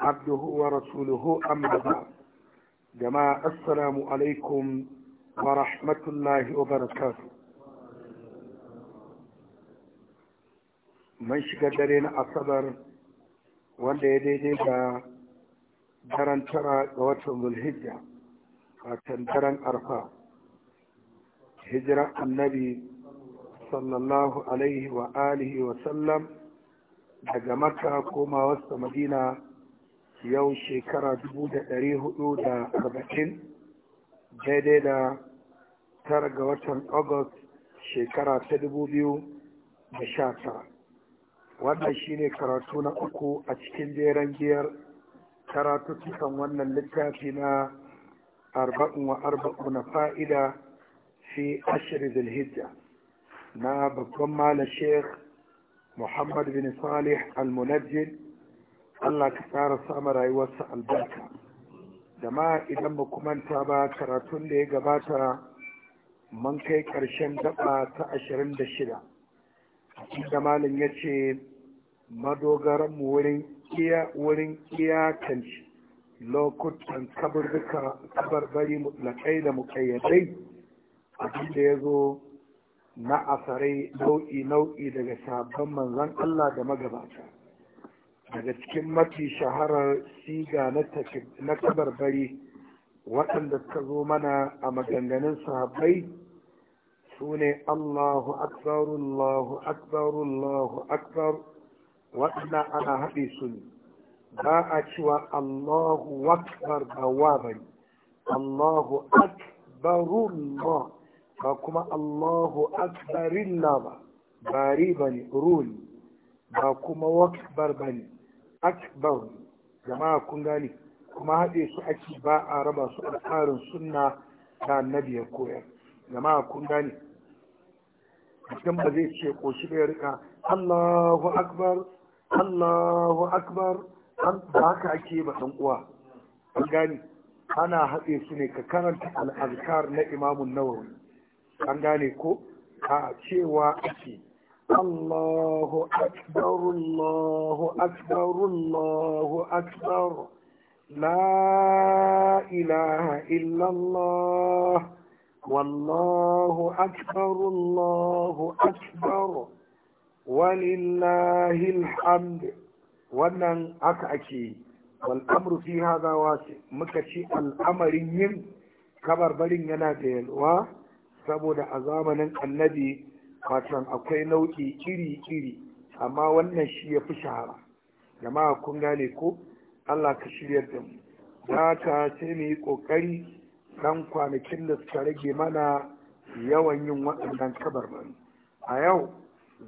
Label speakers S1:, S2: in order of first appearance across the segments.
S1: عبده ورسوله أما بعد جماعة السلام عليكم ورحمة الله وبركاته من شكدرين أصبر wanda ya daidai da daren tara ga watan zulhijja watan daren arfa hijiran annabi sallallahu alaihi wa alihi wa sallam daga maka koma wasu madina yau shekara dubu da hudu da arba'in daidai da tara ga watan august shekara ta dubu biyu da sha tara wannan shine karatu na uku a cikin jeren giyar karatu cikin wannan littafi na arba'in wa arba'u na fa'ida fi ashirin zulhijja na babban malam sheikh muhammad bin salih al-munajjid Allah ka ƙara samun rayuwarsa albarka jama'a idan ba kumanta ba karatun da ya gabata man kai ƙarshen daɓa ta ashirin da shida da malin ya ce madogaran wurin wurin iyakanci lokutan kabarduka kabarbari mutlakai da muƙayyadai abin da ya zo na asarai nau'i nau'i daga sabon manzan Allah da magabata daga cikin mafi shaharar siga na kabarbari waɗanda suka zo mana a maganganun sahabbai su ne Allahu akbar Allahu akbar Allahu akbar waɗanda ana haɗe su ne ba a cewa Allahu akbar ba wa bari Allahu akbarullah ba kuma Allahu akbarillah ba bari ba ne runi ba kuma wakbar ba ne akbar jama'a kun gane kuma haɗe su ake ba a raba su al'arin sunna da annabi ya koyar jama'a kun gane mutum ba zai ce ko shi bai rika Allahu akbar Allahu akbar ba haka ake ba ɗan uwa kun gane ana haɗe su ne ka karanta al'azkar na imamun nawawi an gane ko a cewa ake الله أكبر الله أكبر الله أكبر لا إله إلا الله والله أكبر الله أكبر ولله الحمد wannan aka ake wal'amru fi muka ci al'amarin yin kabarbarin yana da yalwa saboda a zamanin annabi watan akwai nau'i iri-iri amma wannan shi ya fi shahara jama'a kun gane ko allah ka shiryar da mu za ka ce mu yi ƙoƙari ɗan kwanakin da suka rage mana yawan yin waɗannan kabar a yau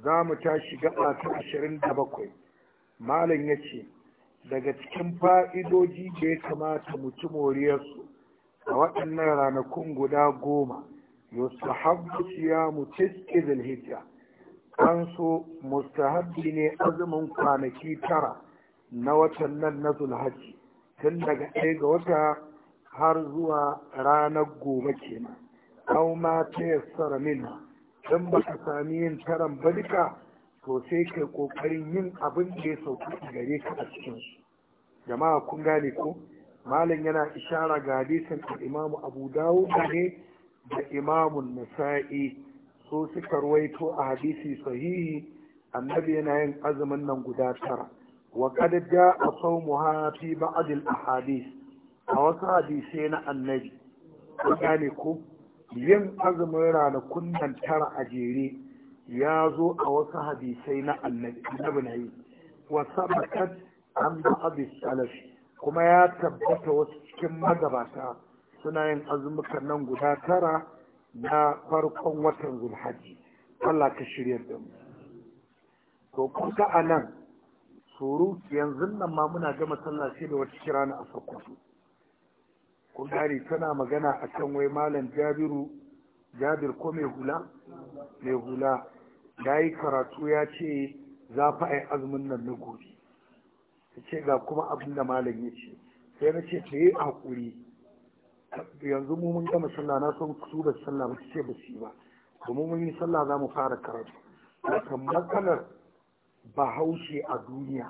S1: za mu tashi gaba ta ashirin da bakwai malam ya ce daga cikin fa'idoji da ya kamata mu ci moriyarsu a waɗannan ranakun guda goma yustahabbu siyamu tis'i hijja an so mustahabbi ne azumin kwanaki tara na watan nan na zulhaji tun daga ɗaya ga wata har zuwa ranar gobe kenan aw ma ta yassara min dan ba ka sami yin taran ba duka to sai kai kokarin yin abin da ya sauka gare ka a cikin su jama'a kun gane ko malam yana ishara ga hadisin imamu abu dawud ne da imamun nasa'i so suka ruwaito a hadisi sahihi annabi yana yin azumin nan guda tara wa kad ja'a sawmuha fi ba'd al ahadith a wasu hadisai na annabi ku ko yin azumin ranakun nan tara a jere ya zo a wasu hadisai na annabi annabi na yi wa sabakat an ba'd kuma ya tabbata wasu cikin magabata suna yin azumukan nan guda tara na farkon watan zulhaji Allah ka shirya da mu to kuka a nan suru yanzu nan ma muna gama sallah sai da wata kira na a sokoto gari tana magana a kan wai malam jabiru jabir ko mai hula mai hula ya yi karatu ya ce za fa a yi azumin nan na gobe ta ce ga kuma abin da malam ya ce sai na ce ta yi haƙuri yanzu mu mun gama sallah na san su da sallah ba ce ba su ba domin mun yi sallah za mu fara karatu wata matsalar bahaushe a duniya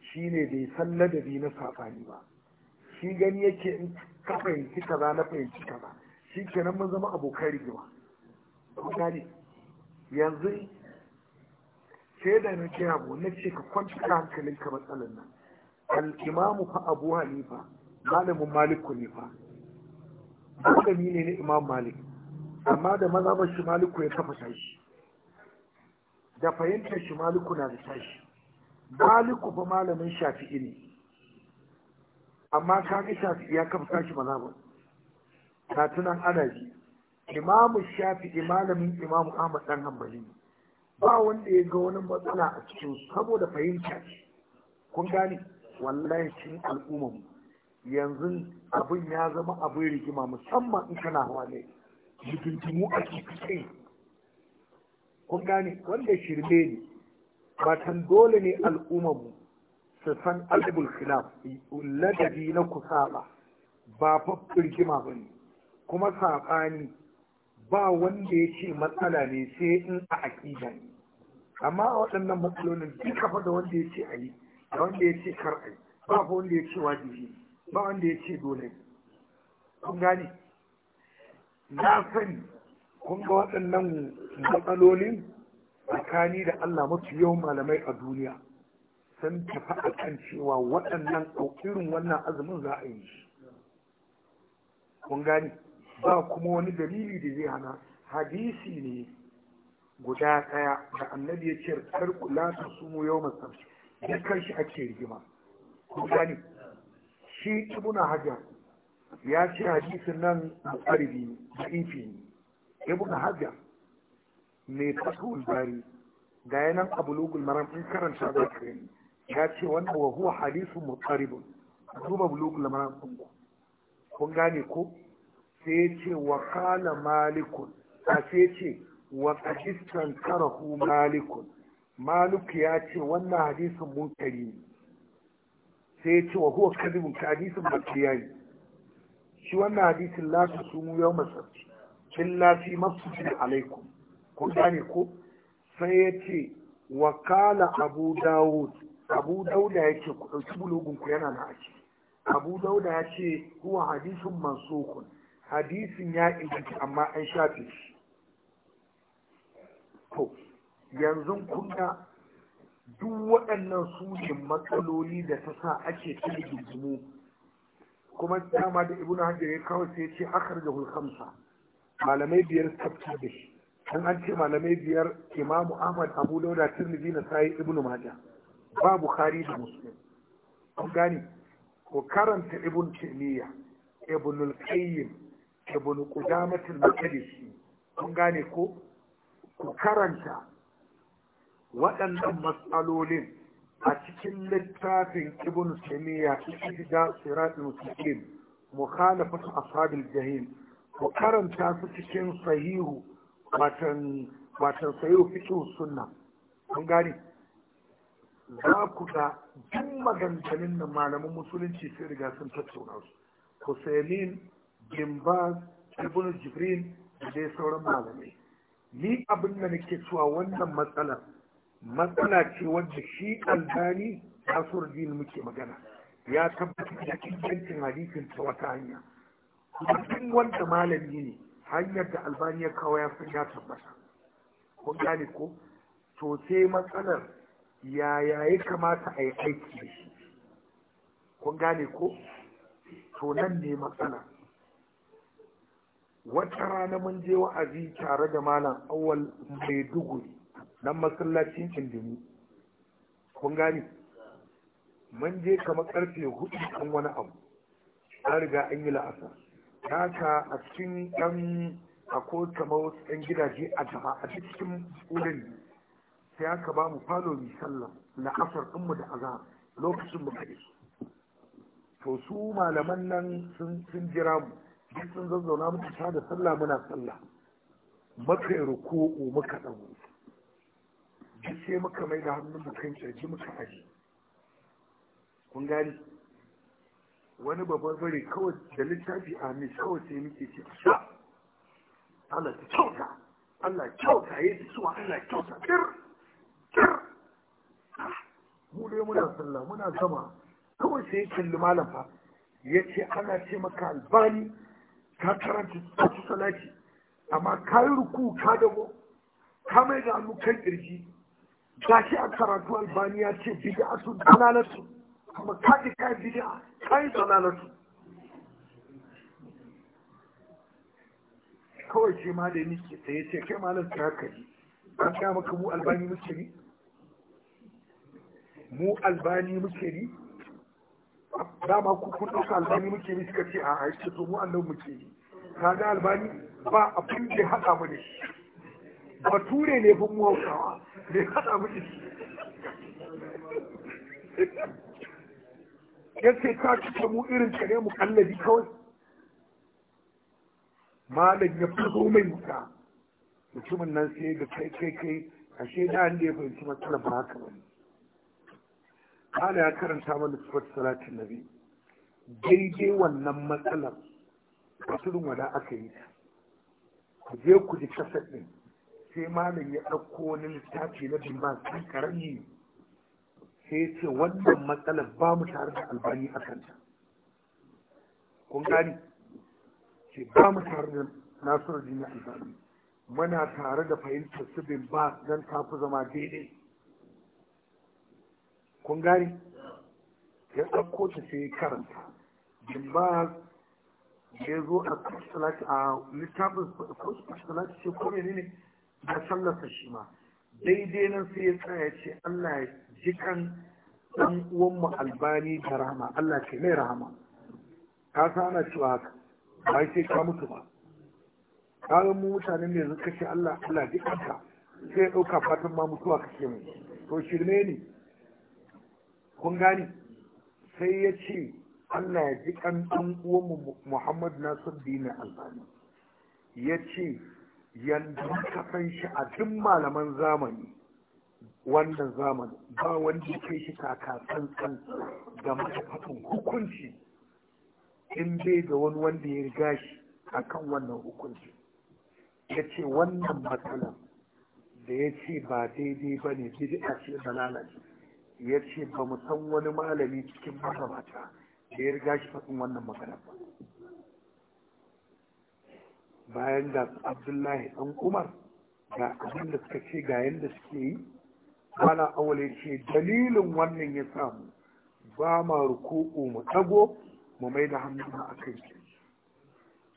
S1: shine bai san ladabi na safani ba shi gani yake in ka fahimci kaza na fahimci kaza shi kenan mun zama abokan rigima gane yanzu sai da na kira abu na ce ka kwanta hankalinka ka matsalar nan al-imamu fa abu hanifa malamin maliku ne fa malami ne na imam malik amma da mazhabar shi maliku ya kafa tashi da fahimtar shi maliku na da tashi maliku fa malamin shafi'i ne amma ga shafi'i ya kafa tashi mazhabar ta tunan ana ji imamu shafi'i malamin imamu ahmad dan hanbali ne ba wanda ya ga wani matsala a cikin saboda fahimta kun gane wallahi cikin al'ummar yanzu abin ya zama abin rigima musamman in kana hawa ne jikintimu a cikin kun gane wanda shirme ne batan dole ne al'ummarmu su san alibul khilaf ladabi na kusaba ba fa rigima ba ne kuma saɓani ba wanda ya ce matsala ne sai in a aƙida ne amma a waɗannan matsalolin duka fa da wanda ya ce a yi da wanda ya ce kar a yi ba wanda ya ce wajibi ne ba wanda ya ce dole kun gane na sani kun ga waɗannan matsalolin tsakani da Allah mafi yawan malamai a duniya sun tafi a kan cewa waɗannan irin wannan azumin za a yi shi kun gane ba kuma wani dalili da zai hana hadisi ne guda ɗaya da annabi ya ce kar kula ta sumu yau masarci ya kan shi ake rigima kun gane shi ibn hajar ya ce hadisin nan mutsaribi da ifi ibn hajar ne fasul bari ga yanan abulugul maram in karanta za ka ya ce wannan wa huwa hadisun mutsaribin duba bulugul maram ɗin kun gane ko sai ce wa kala malikun a sai ce wa kajistan karahu malikun malik ya ce wannan hadisun mutari ne sai ya ce wa huwa kadibun ka hadisin bakriya shi wannan hadisin la ta sumu yau masarci illa fi masjidin alaikum kun gane ko sai ya ce wa kala abu dawud abu dauda ya ce ku ɗauki yana na ake abu dauda ya ce huwa hadisin mansukun hadisin ya inganta amma an shafe shi to yanzu kunna. duk waɗannan su ne matsaloli da ta sa ake cire gindimu kuma dama da ibnu hajar ya kawo sai ce akar da hulkamsa malamai biyar tafsir da shi dan an ce malamai biyar imamu ahmad abu dauda tirmidhi na sai ibnu majah ba bukhari da muslim an gane ko karanta ibn taymiya ibn al-qayyim ibn qudamah al-maqdisi kun gane ko ku karanta waɗannan matsalolin a cikin littafin ibn taymiya ihtida siratul mustaqim mukhalafatu ashabil jahim ku karanta su cikin sahihu watan watan sahihu fiqh sunna kun gani za ku ga duk magantanin nan malaman musulunci sai riga sun tattauna su Hussein Gimbaz Ibn Jibrin da dai sauran malamai ni abin da nake cewa wannan matsalar matsala ce wanda shi albani nasur din muke magana ya tabbatar da ingancin hadisin ta wata hanya kuma wanda malami ne hanyar da albani ya kawo ya san ya tabbata ko gane ko to sai matsalar yaya ya kamata a yi aiki da shi kun gane ko to nan ne matsala wata rana mun je wa'azi tare da malam awal maiduguri dan masallacin kindimi kun gani mun je kamar karfe hudu kan wani abu an riga an yi la'asa haka a cikin dan akwai kamar wasu ɗan gidaje a gaba a cikin ulin sai aka ba mu falo mai sallah la'asar ɗinmu da aza lokacin mu kaɗe to su malaman nan sun jira mu duk sun zazzauna muka ta da sallah muna sallah muka yi ruku'u muka ɗago sai muka mai da hannun da kan kirji muka aji kun gani wani babban bare kawai da littafi a mai kawai sai muke ce sha Allah ta kyauta Allah kyauta ya ci suwa Allah kyauta kir kir mu dai muna sallah muna zama kawai sai kalli malam fa ya ce ana ce maka albani ka karanta ta salati amma ka yi ruku ka dago ka mai da hannu kan kirji gashi a karatu albaniya ce bid'atu zalalatu kuma kaji kai bid'a kai zalalatu kawai shi ma da nike yi ce kai malam ta haka yi an ga maka mu albani muke ni mu albani muke ni dama ku kun ɗauka albani muke ni suka ce a aiki to mu annan muke ni kaga albani ba abin da haɗa mu ne. shi bature ne fi mu hausawa ne hada mu ya ce ka cika mu irin ka mu kallabi kawai malam ya fi mai wuta mutumin nan sai ga kai kai kai ashe da an da ya fahimci matsalar ba haka ba kana ya karanta mana sifat salatin nabi daidai wannan matsalar Wasu wada aka yi ku je ku ji kasar ɗin sai malam ya ɗauko wani littafi na bimba sai karanni sai ce wannan matsalar ba mu tare da albani a kanta kun gani ce ba mu tare da nasarar jini albani muna tare da fahimtar su bimba don ta fi zama daidai kun gani ya ɗauko ta sai karanta bimba ya zo a a littafin salati ce kome ne ne da sallarsa shi ma daidai nan sai ya tsaya ce Allah ya ji kan dan uwan mu albani da rahama Allah ke mai rahama ka san ana cewa haka ba sai ka mutu ba ka ga mu mutane ne yanzu kace Allah Allah ji ka sai ya dauka fatan ma mutuwa kake mu to shirme ne kun gani sai ya ce Allah ya ji kan dan uwan mu Muhammad Nasir Dina Albani ya ce yadda muka san shi a duk malaman zamani wannan zamani ba wanda ke shi kaka tsantsan game da hukunci in bai da wani wanda ya riga shi a kan wannan hukunci ya ce wannan matsalar da ya ce ba daidai ba ne bid'a ce da lalace ya ce ba mu san wani malami cikin mata da ya riga shi faɗin wannan magana ba bayan da abdullahi ɗan umar ga abin da suka ce ga yadda suke yi wala awale ce dalilin wannan ya samu ba ma ruku'u mu ɗago mu mai da hannu a kan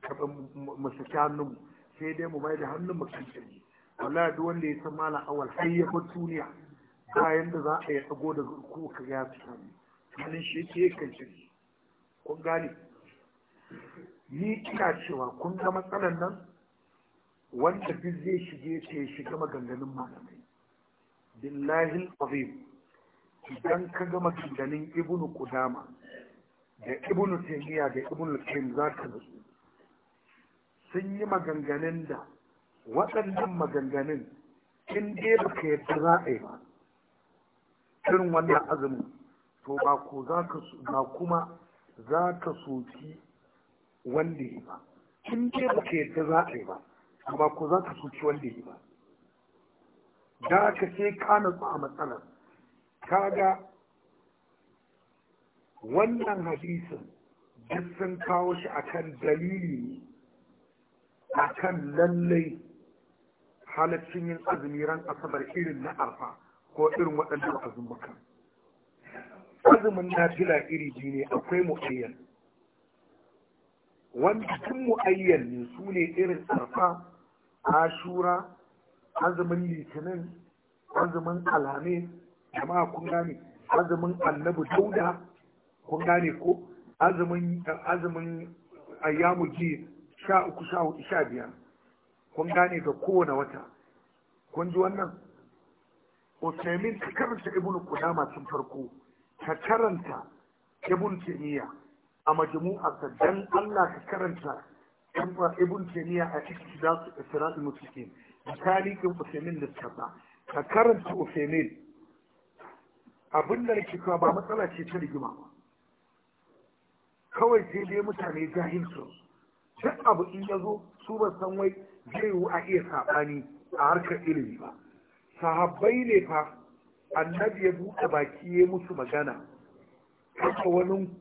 S1: kaɗan mu saki hannun sai dai mu mai da hannun mu kan kirji wala da wanda ya san mala awal har ya bar ba bayan da za a yi ɗago da ruku ka ga ya fi samu hannun shi ke kan kun gane ni ina cewa kun ga matsalan nan wanda duk zai shige ce shiga maganganun malamai billahi azim idan ka ga maganganun ibnu kudama da ibnu taymiya da ibnu qayyim za ka nutsu sun yi maganganun da waɗannan maganganun in dai ba ka yadda za a yi ba irin wannan azumin to ba ko za ka ba kuma za ka soki wanda yi ba kin dai ba ka yadda za a yi ba amma ko za ka soki wanda yi ba da ka sai ka natsu a matsalar Ka ga wannan hadisin duk sun kawo shi a kan dalili ne akan lallai halaccin yin azumi ran asabar irin na arfa ko irin waɗannan azumukan azumin na fila iri biyu ne akwai mu'ayyana wanda kan mu'ayyan ne su ne irin arfa ashura azumin litinin azumin alhamis jama'a kun gane azumin annabi dauda kun gane ko azumin azumin ayyamu ji sha uku sha hudu sha biyar kun gane ga kowane wata kun ji wannan usaimin ta karanta ibnu kudama tun farko ta karanta ibnu taymiya a majmu'arsa dan Allah ka karanta ibn taymiya a cikin su isra'il muslimin da tarihin usaimin da tsaba ka karanta usaimin abin da nake ba matsala ce ta rigima ba kawai sai dai mutane jahilcin duk abu in ya zo su ba san wai zai a iya saɓani a harkar ilimi ba sahabbai ne fa annabi ya buɗe baki ya musu magana kaka wani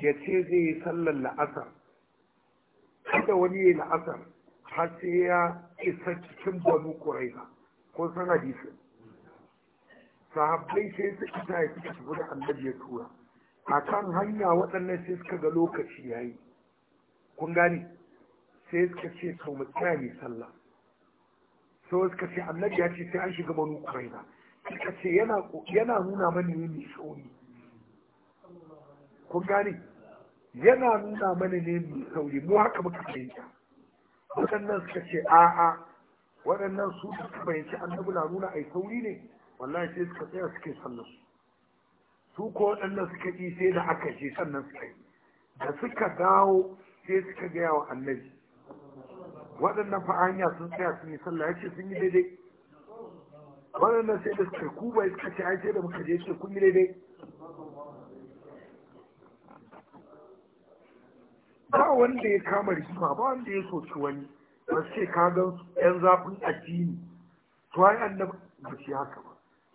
S1: ya ce zai yi sallar la'asar haka wani ya yi la'asar har sai ya isa cikin banu kuraiza ko san hadisin sahabbai sai su ita ya suka tafi da annabi ya tura a kan hanya waɗannan sai suka ga lokaci ya yi kun gane sai suka ce sau mu tsaya mai sallah Sau suka ce annabi ya ce sai an shiga banu kuraiza suka ce yana nuna mani ne mai sauri kun gane yana nuna mana ne mai sauri mu haka muka fahimta waɗannan suka ce a'a waɗannan su suka fahimci annabi na nuna ai sauri ne wallahi sai suka tsaya suke sannan su su ko waɗannan suka yi sai da aka je sannan suka yi da suka dawo sai suka gaya wa annabi waɗannan fa hanya sun tsaya sun yi sallah ya ce sun yi daidai waɗannan sai da suka kuma suka ce ai sai da muka je ce kun yi daidai ba wanda ya kama rikima ba wanda ya soci wani ba ce ka ga yan zafin addini to ai annabi ba shi haka ba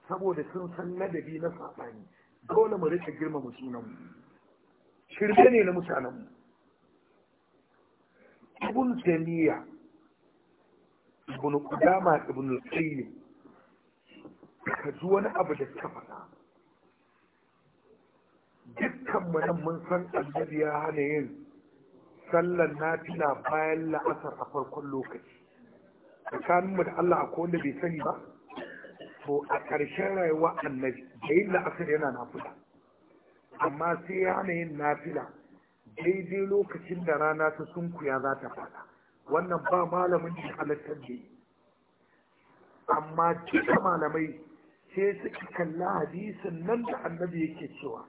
S1: saboda sun san ladabi na sabani dole mu rika girmama sunanmu shirye ne na mutanenmu ibn taymiya ibn qudama ibn al-qayyim ka ji wani abu da suka faɗa dukkan mu nan mun san annabi ya hana yin sallar nafila bayan la'asar a farkon lokaci tsakaninmu da Allah akwai wanda bai sani ba to a ƙarshen rayuwa annabi da yin la'asar yana nafila amma sai ya hana yin nafila daidai lokacin da rana ta sunkuya za ta fada wannan ba malamin da halittar da yi amma cika malamai sai suka kalla hadisin nan da annabi yake cewa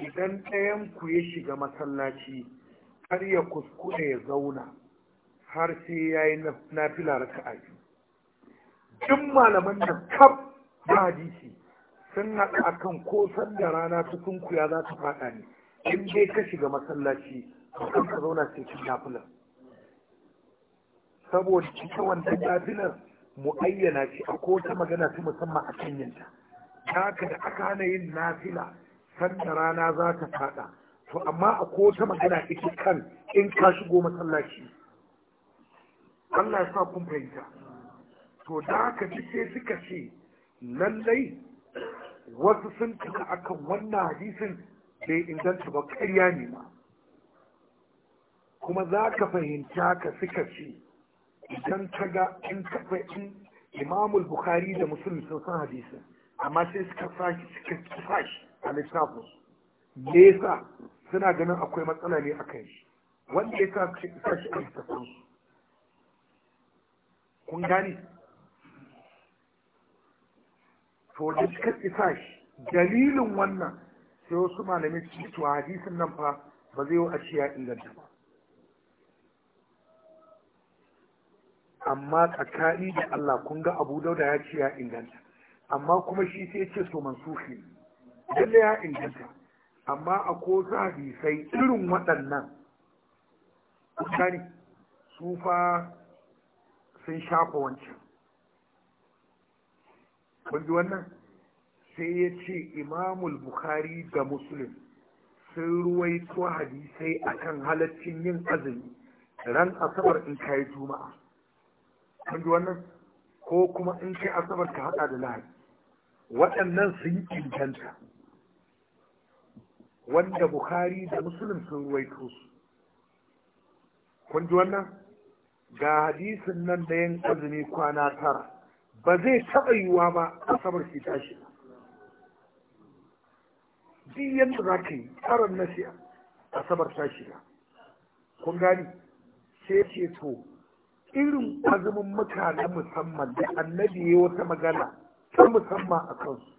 S1: idan ɗayan ku ya shiga masallaci Har ya kuskure ya zauna har sai ya yi na fila raka a Jin malaman da kaf da hadisi sun haɗa akan ko sanda rana ta sunkuya za su faɗa ne in dai ka shiga masallaci kan ka zauna sai kin nafilar saboda ita wannan mu ayyana shi a ko ta magana ta musamman a kanyanta haka da aka hana yin nafila sanda rana za ta faɗa to amma a ko ta magana ita kan in ka shigo masallaci Allah ya sa kun fahimta to da ka ji sai suka ce lallai wasu sun tuka akan wannan hadisin bai inganta ba ƙarya ne ma kuma za ka fahimta ka suka ce idan ka ga in ka imamul bukhari da musulmi sun san hadisin amma sai suka sashi suka sashi a littafin nesa suna ganin akwai matsala ne a kan shi wanda ya sa shi a san su kun gane to da suka isa shi dalilin wannan sai wasu malamai su to hadisin nan fa ba zai a wa ya inganta ba amma tsakani da Allah kun ga Abu Dauda ya ce ya inganta amma kuma shi sai ya ce so mansufi lalle ya inganta amma a ko za sai irin waɗannan gani su sun shafa wancan kundi wannan sai ya ce imamul bukhari da muslim sun ruwaito hadisai kan halaccin yin azumi ran asabar in kayi juma'a kundi wannan ko kuma in kai asabar ka haɗa da lahadi waɗannan sun kinkanta wanda bukhari da muslim sun ruwaito su kun ji wannan ga hadisin nan da yin azumi kwana tara ba zai taɓa yiwuwa ba samar shi tashi duk yadda za ka yi tsarin na a asabar tashi ba. kun gani sai ce to irin azumin mutane musamman da annabi ya wata magana ta musamman a kansu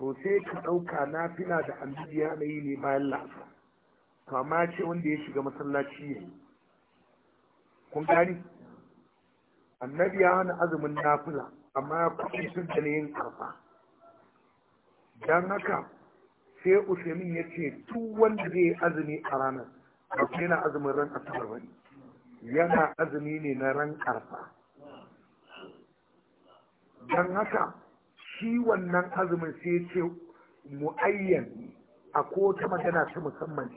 S1: to sai ka ɗauka na fina da annabi yanayi ne bayan la'asar to amma ce wanda ya shiga masallaci ne kun gani annabi ya hana azumin nafila amma ya kuɗi sun da yin karfa don haka sai usaimin ya ce duk wanda zai yi azumi a ranar ba sai azumin ran asabar ba yana azumi ne na ran karfa don haka shi wannan azumin sai ce mu'ayyan a ko ta magana ta musamman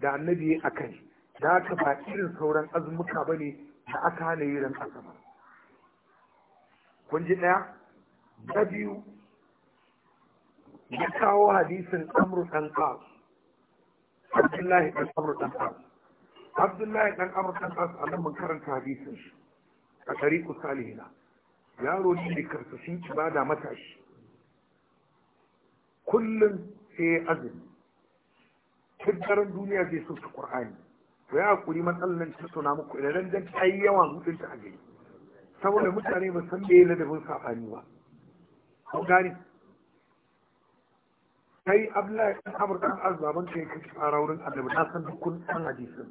S1: da annabi a kai da aka ba irin sauran azumuka ba ne da aka hana yi ranar asama kun ji ɗaya na biyu ya kawo hadisin amru ɗan ƙas abdullahi ɗan amru ɗan ƙas abdullahi ɗan amru ɗan ƙas a nan mun karanta hadisin shi a ɗari salihina yaro ne da karsashin ibada matashi kullum sai ya azumi duk daren duniya zai so ta ƙur'ani to ya hakuri matsalar nan tattauna muku idan dan ta yi yawa hudun ta a saboda mutane ba san yi ladabin safani ba ko gane kai abdullahi a amr dan kai ka tsara annabi na san dukkan dan hadisin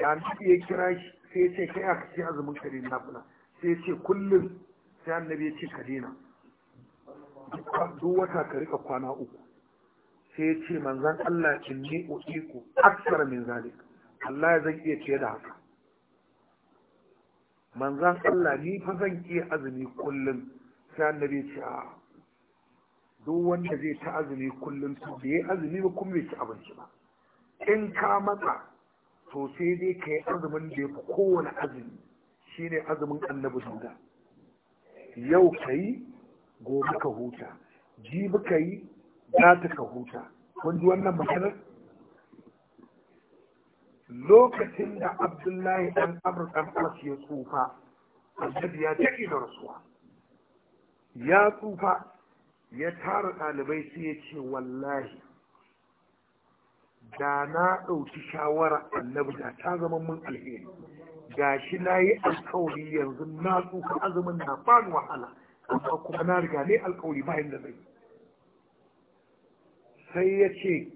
S1: ya nabi ya kira shi sai ya ce kai a kashe azumin kare na kula sai ya ce kullum sai annabi ya ce ka daina duk wata ka rika kwana uku sai ya ce manzan Allah ne ni ku aksar min zalik Allah zan iya ce da haka manzan Allah ni fa zan iya azumi kullum sai annabi ce a duk wanda zai ta azumi kullum to bai azumi ba kuma bai ci abinci ba in ka matsa to sai dai ka azumin da ya fi kowane azumi shine azumin annabi dauda yau ka gobe ka huta ji ka yi za ka huta kun wannan maganar lokacin da abdullahi ɗan amur dan ya tsufa annabi ya daɗe da rasuwa ya tsufa ya tara ɗalibai sai ya ce wallahi da na ɗauki shawara annabi da ta zama mun alheri ga shi na yi alkawari yanzu na tsufa azumin na bani wahala amma kuma na riga ne alkawari bayan da zai sai ya ce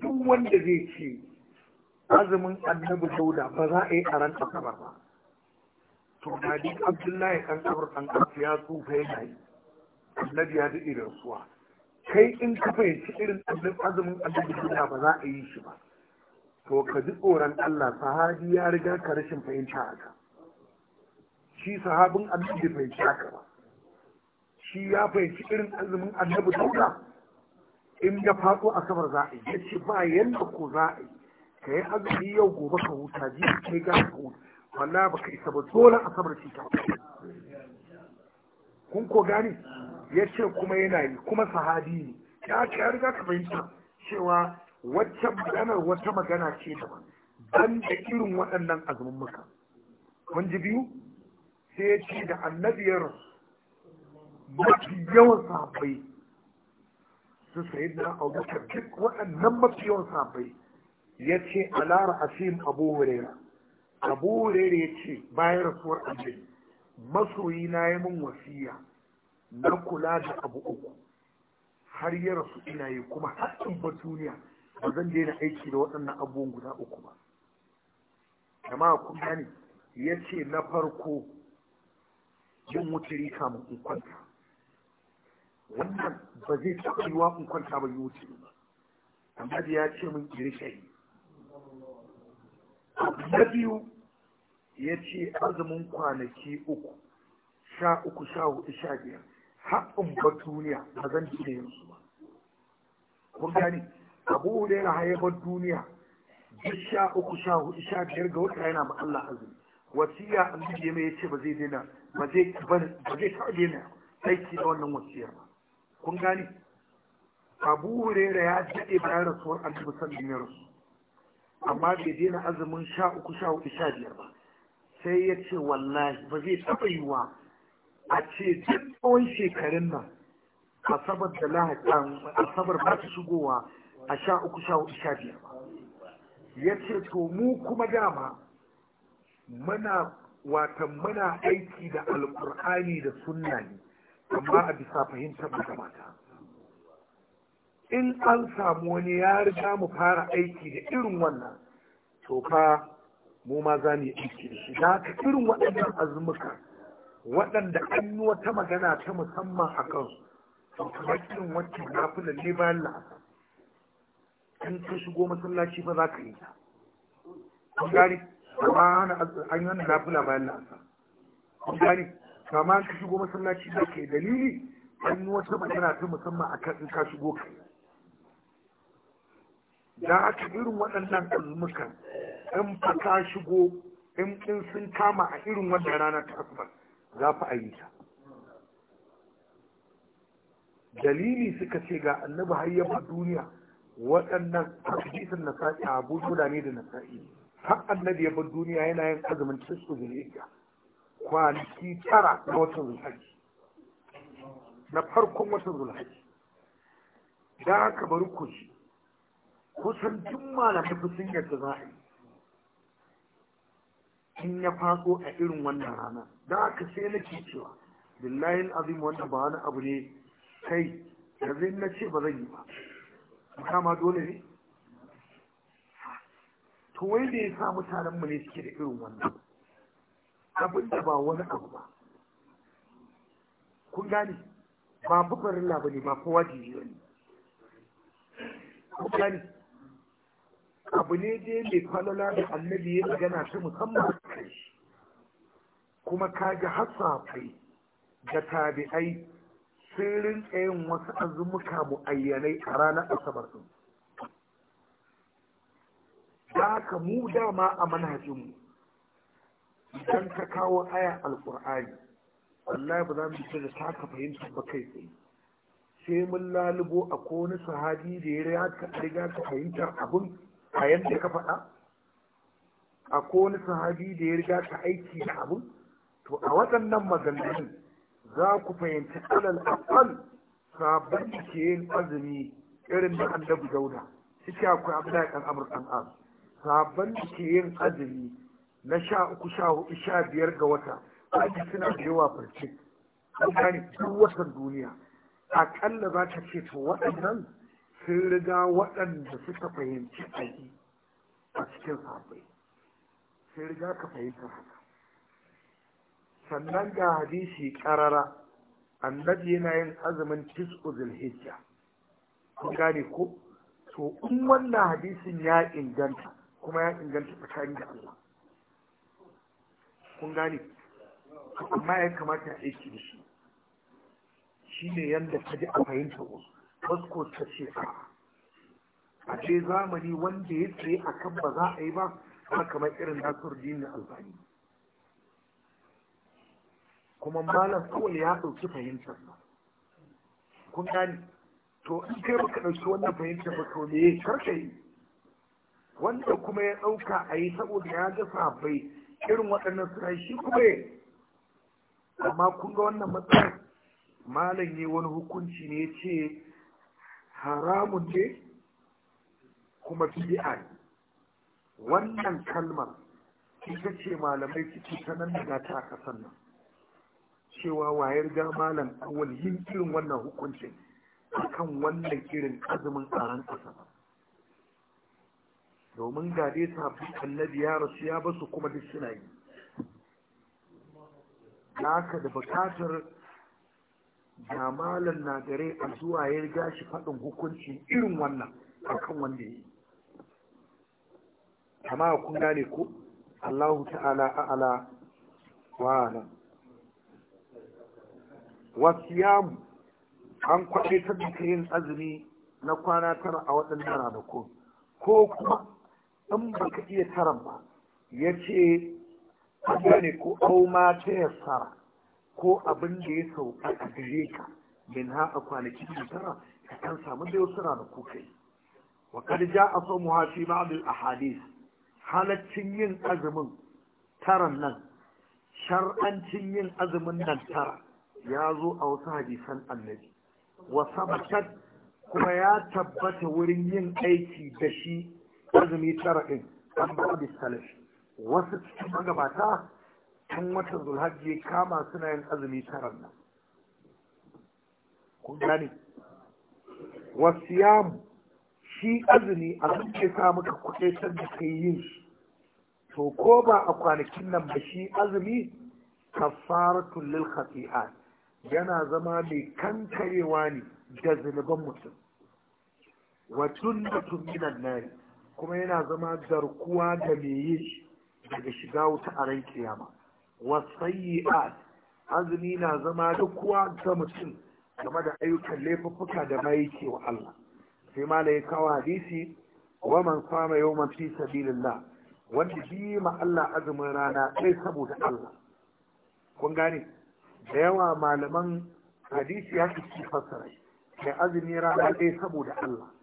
S1: duk wanda zai ce azumin annabi dauda ba za a yi a ran asabar ba to na duk abdullahi kan kabar kan kafa ya tsufa yana yi annabi ya daɗe da rasuwa kai in ka fahimci irin azumin annabi dauda ba za a yi shi ba to ka ji tsoron Allah sahabi ya riga ka rashin fahimta haka shi sahabin annabi bai fahimci haka ba shi ya fahimci irin azumin annabi dauka in ya faɗo a kamar za ya ce ba yadda ko za ka yi azumi yau gobe ka huta ji kai ga ka huta ba baka isa ba dole a kamar shi ta kun ko gane ya ce kuma yana yi kuma sahabi ne ya ce ya riga ka fahimta cewa wacce maganar wata magana ce daban ban da irin waɗannan azumin muka mun ji biyu sai ya ce da annabiyar mafi yawan safai su sayi na abubakar duk waɗannan mafi yawan safai ya ce a ra'asim abu wurera abu wurera ya ce bayan rasuwar annabi masoyi na yi min wasiya na kula da abu uku har ya rasu ina yi kuma haɗin ba duniya ba zan daina aiki da waɗannan abubuwan guda uku ba kama kuma ne. ya ce na farko yin wuturi kamun in kwanta ba zai taɓa yiwa in kwanta ba yi wuce annabi ya ce min iri shayi na biyu ya ce azumin kwanaki uku sha uku sha hudu sha biyar haɗin ba duniya ba zan ji da yanzu ba kun gani abu da yana haifar duniya duk sha uku sha hudu sha biyar ga wata yana ma Allah azumi wasiya mai ya ce ba zai daina ba zai taɓa dina aiki da wannan wasiya ba kun gani abu hurera ya daɗe bayan rasuwar annabi sallallahu alaihi amma bai daina azumin sha uku sha hudu sha biyar ba sai ya ce wallahi ba zai taɓa yiwa a ce duk tsawon shekarun nan asabar da um, asabar ba ta shigowa a sha uku sha hudu sha biyar ba ya ce to mu kuma dama muna watan muna aiki da alkur'ani da sunna ne amma a bisa fahimtar mata. in an samu wani ya riga mu fara aiki da irin wannan to fa mu ma za mu yi aiki da shi da irin waɗannan azumuka waɗanda an yi wata magana ta musamman a kansu to kamar irin wacce na fi lalle bayan la'asa. in ka shigo masallaci ba za ka yi ta an gani amma an yi wani da bayan la'asa. an gani kama ka shigo masallaci da ke dalili an yi wata magana ta musamman a kan ka shigo ka da aka irin waɗannan azumukan in fa ka shigo in kin sun kama a irin wannan rana ta asuba za fa a yi ta dalili suka ce ga annabi har yamma duniya waɗannan hadisin nasa'i abu ne da nasa'i har annabi yaba duniya yana yin azumin cikin kwanaki tara na watan zulhaji na farkon watan zulhaji da aka bari ku ji kusan duk malamai fi sun yadda za a yi in ya faso a irin wannan rana da aka sai nake cewa billahi azim wannan ba wani abu ne kai yanzu na ce ba zan yi ba ma dole ne to wai da ya sa mutanen mu ne suke da irin wannan abin da ba wani abu ba kun gane ba bufarin labu ne ba kowa jijiyo ne kun gane abu ne dai mai falola da annabi ya gana ta musamman kai kuma kaga hasafai da tabi'ai sun rinka yin wasu azumuka mu'ayyanai a ranar asabar din da haka mu dama a manhajinmu idan ka kawo aya alkur'ani wallahi ba za mu ce da taka fahimta ba kai tsaye sai mun lalubo a ko wani sahabi da ya riga ka fahimtar abun a yadda ka faɗa a ko wani sahabi da ya riga ka aiki da abun to a waɗannan maganganun za ku fahimci alal akal sabon ke yin azumi irin da annabi dauda suke akwai abu kan ya kan am sabon ke yin azumi na sha uku sha hudu sha biyar ga wata ake suna da yawa farce an gane duk watan duniya aƙalla za ta ce to waɗannan sun riga waɗanda suka fahimci aiki a cikin sahabbai sun riga ka fahimta haka sannan ga hadisi ƙarara annabi yana yin azumin tis'u zilhijja kun gane ko to in wannan hadisin ya inganta kuma ya inganta tsakanin da Allah kun gane amma ya kamata a aiki da shi shi ne yadda ta ji a fahimta wasu wasu ta ce a a ce zamani wanda ya tsaye a kan ba za a yi ba ba kamar irin nasar na albani kuma malam kawai ya ɗauki fahimtar sa kun gane to in kai baka ɗauki wannan fahimtar ba to me karka yi wanda kuma ya ɗauka a yi saboda ya ga sabai irin waɗannan suna shi kuma amma kun ga wannan matsalar malam yi wani hukunci ne ya ce haramun ne kuma bid'a wannan kalmar kika ce malamai suke ta nan daga ta kasan nan cewa wayar ga malam awal yin irin wannan hukuncin akan wannan irin azumin tsaron kasa domin ga dai sabbin annabi ya rasu ya basu kuma duk suna yi Ya ka da bukatar da malam na dare a zuwa ya riga shi faɗin hukunci irin wannan akan wanda ya yi amma kun gane ko Allahu ta'ala a'ala wa Wasu wasiyam an kwaɗe ta yin azumi na kwana tara a waɗannan ranakun ko kuma in ba ka iya taran ba ya ce ne ko auma ta yassara ko abin da ya sauka a gare ka min ha a kwanaki da tara ka kan samu da wasu ranaku kai wa kad ja'a sawmuha fi ba'd a ahadith halaccin yin azumin taran nan shar'ancin yin azumin nan tara ya zo a wasu hadisan annabi wa sabatat kuma ya tabbata wurin yin aiki da shi azumi tara ɗin an ba da wasu cikin magabata tun watan zulhajji ya kama suna yin azumi taran nan kun gani. wasu shi azumi a zuke sa maka can da kai yin shi to ko ba a kwanakin nan ba shi azumi kafaratun lil khati'at yana zama mai kankarewa ne da zunuban mutum wa tun minan nari kuma yana zama garkuwa da meye daga shiga wuta a ran kiyama wasayyi'at azumi na zama kuwa ga mutum game da ayyukan laifuffuka da ma yake wa Allah sai ma ya kawo hadisi wa man sama yawman fi sabilillah wanda bi ma Allah azumin rana sai saboda Allah kun gane da yawa malaman hadisi ya fi fassara mai azumi rana sai saboda Allah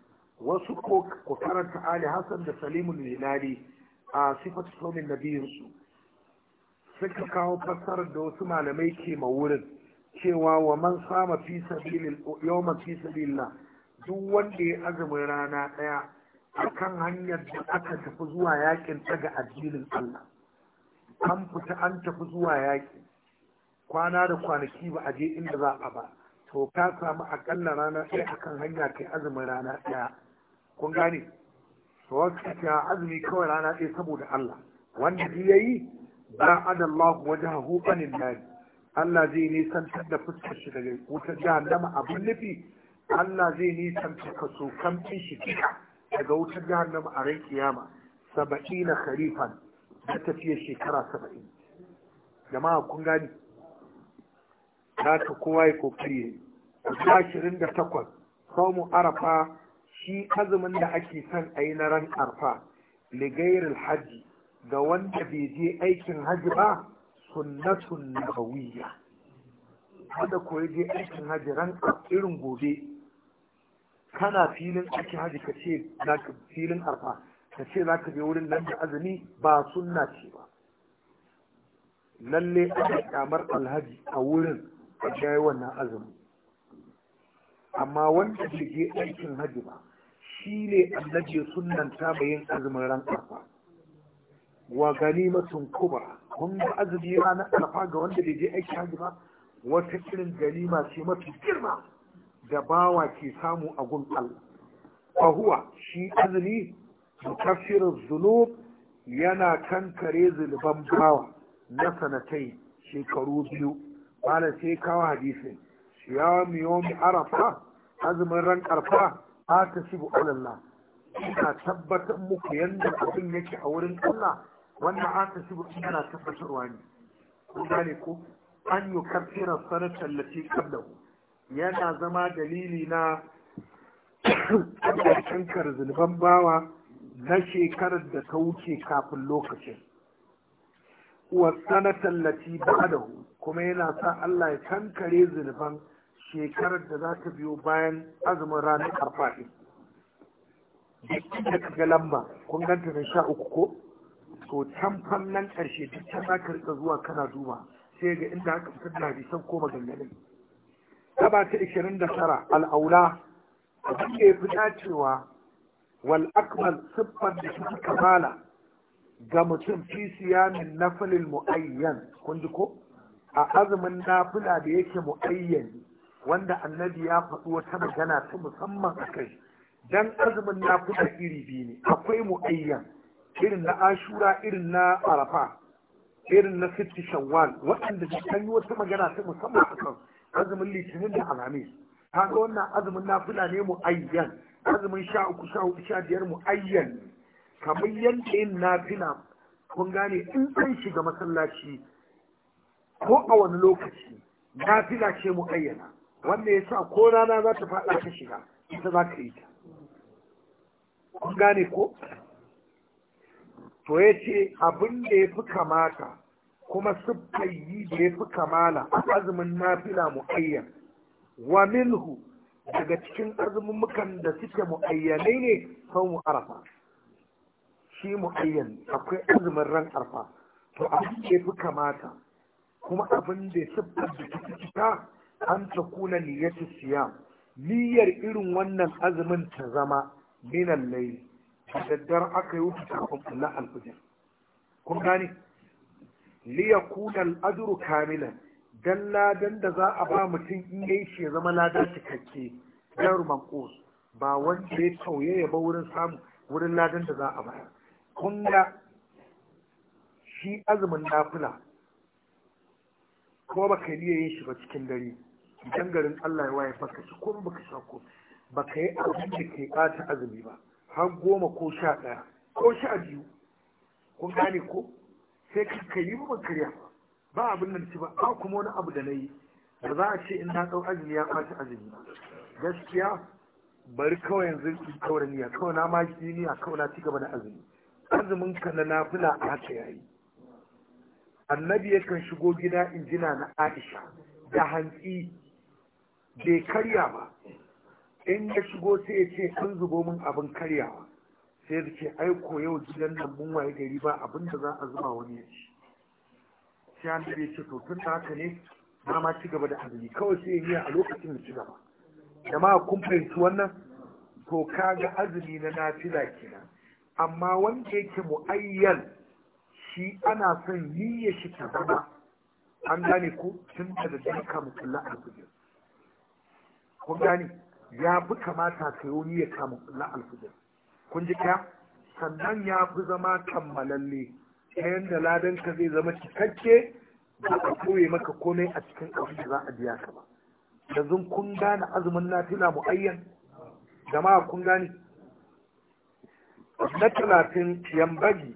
S1: wasu ko ku karanta ali Hassan da Salimu Lilali a sifatu saumin nabiyinsu suka kawo fassarar da wasu malamai ke ma wurin cewa wa man sama fi sabilin yawman fi sabilillah duk wanda ya azumin rana daya akan hanyar da aka tafi zuwa yakin daga addinin Allah an fita an tafi zuwa yaki kwana da kwanaki ba a je inda za a ba to ka samu akalla rana ɗaya akan hanya kai azumin rana ɗaya kun gane tawakkata azumi kawai rana ɗaya saboda Allah wanda shi yayi ba adallahu wajhahu anil nar Allah zai nisantar da fuskar shi daga wutar jahannama abin nufi Allah zai nisantar kaso kamfin shi daga wutar jahannama a ran kiyama saba'ina kharifan da tafiyar shekara saba'in jama'a kun gani za ta kowa ya kokari ya yi ashirin da takwas saumu arafa shi azumin da ake son a yi na ran arfa ligairil hajji ga wanda bai je aikin hajji ba sunnatun nabawiyya wanda ko ya je aikin hajji ran irin gobe kana filin aikin hajji ka ce filin arfa ka ce za ka je wurin nan da azumi ba sunna ce ba lalle ana kamar alhaji a wurin a wannan azumi amma wanda bai je aikin hajji ba shi ne annabi ya sunanta mai yin azumin ran arfa wa ganimatun kubra kun ga azumi ranar arfa ga wanda bai je aiki hajji ba wata irin ganima ce mafi girma da bawa ke samu a gun Allah shi azumi Mutafsir zunub yana kankare zunuban bawa na sanatai shekaru biyu bala sai kawo hadisin siyamu yawmi arafa azumin ran arfa atasibu Allah ina tabbatar muku yanda abin yake a wurin Allah wannan atasibu ina tabbatarwa ne kun gane ko an yi kafira sarata lati qablahu yana zama dalili na kankar zulban bawa na shekarar da ta wuce kafin lokacin wa sanata lati ba'dahu kuma yana sa Allah ya kankare zulban shekarar da za ta biyo bayan azumin ranar arfa ɗin da ka ga lamba kun ganta da sha uku ko to can fannan ƙarshe duk can za ka rika zuwa kana duba sai ga inda aka fitar da hadisan ko maganganun Taba ta ishirin da tara al'aula abin da ya fi dacewa wal akmal siffar da ta kamala ga mutum fi siyamin nafilil mu'ayyan kun ji ko a azumin nafila da yake mu'ayyan wanda annabi ya faɗi wata magana ta musamman a kai dan azumin na nafila iri biyu ne akwai mu ayyan irin na ashura irin na arafa irin na sitti shawwal waɗanda da kan yi wata magana ta musamman a kan azumin litinin da alhamis kaga wannan azumin na nafila ne mu mu'ayyan azumin sha uku sha huɗu sha biyar mu mu'ayyan kamar yadda yin na fina kun gane in kan shiga masallaci ko a wani lokaci na fina ce mu ayyana. wanda ya sa ko rana za ta faɗa ta shiga ita za ka yi ta kun gane ko to ya ce abin da ya fi kamata kuma siffar yi da ya fi kamala a azumin nafila mu'ayyan wa minhu daga cikin mukan da suke mu'ayyanai ne sau mu shi mu'ayyan akwai azumin ran arfa to abin da ya fi kamata kuma abin da siffar da ta an ta kuna niyyatu siyam niyyar irin wannan azumin ta zama minan layi daddar aka yi wuta kafin Allah alfijir kun gane al al'aduru kamilan dan ladan da za a ba mutum in yayi shi ya zama ladan cikakke yar manqus ba wanda ya tauye ya ba wurin samu wurin ladan da za a bayar kun ga shi azumin nafila ko ba yi yin shi ba cikin dare idan garin Allah ya waye fasa ci ko baka shako baka yi abin da ke bata azumi ba har goma ko sha ɗaya ko sha biyu kun gane ko sai ka yi mu karya ba abin nan ci ba ba kuma wani abu da na yi da za a ce in na ɗau azumi ya ɓata azumi gaskiya bari kawai yanzu in kawar niyya kawai na ma ji niyya kawai na ci gaba da azumi azumin ka na nafila a haka yayi annabi yakan shigo gida in jina na aisha da hantsi
S2: bai karya ba
S1: in ya shigo sai ya ce an zubo min abin karyawa sai ya ce aiko yau gidan nan mun waye gari ba abin da za a zuba wani ya ci sai an da ce to tun da haka ne na ma ci gaba da azumi kawai sai ya yi a lokacin da ci gaba jama'a kun fahimci wannan to ga azumi na nafila kenan amma wanda yake mu'ayyan shi ana son yi ya shi ta zama an gane ko tun da da dukkan mu kula kun gani ya fi kamata ka yi wani ya kama na alfijir kun ji kya sannan ya fi zama kammalalle ta yadda ka zai zama cikakke ba a koye maka komai a cikin abin da za a biya ka ba yanzu kun gane azumin nafila mu'ayyan jama'a kun gani na talatin yambagi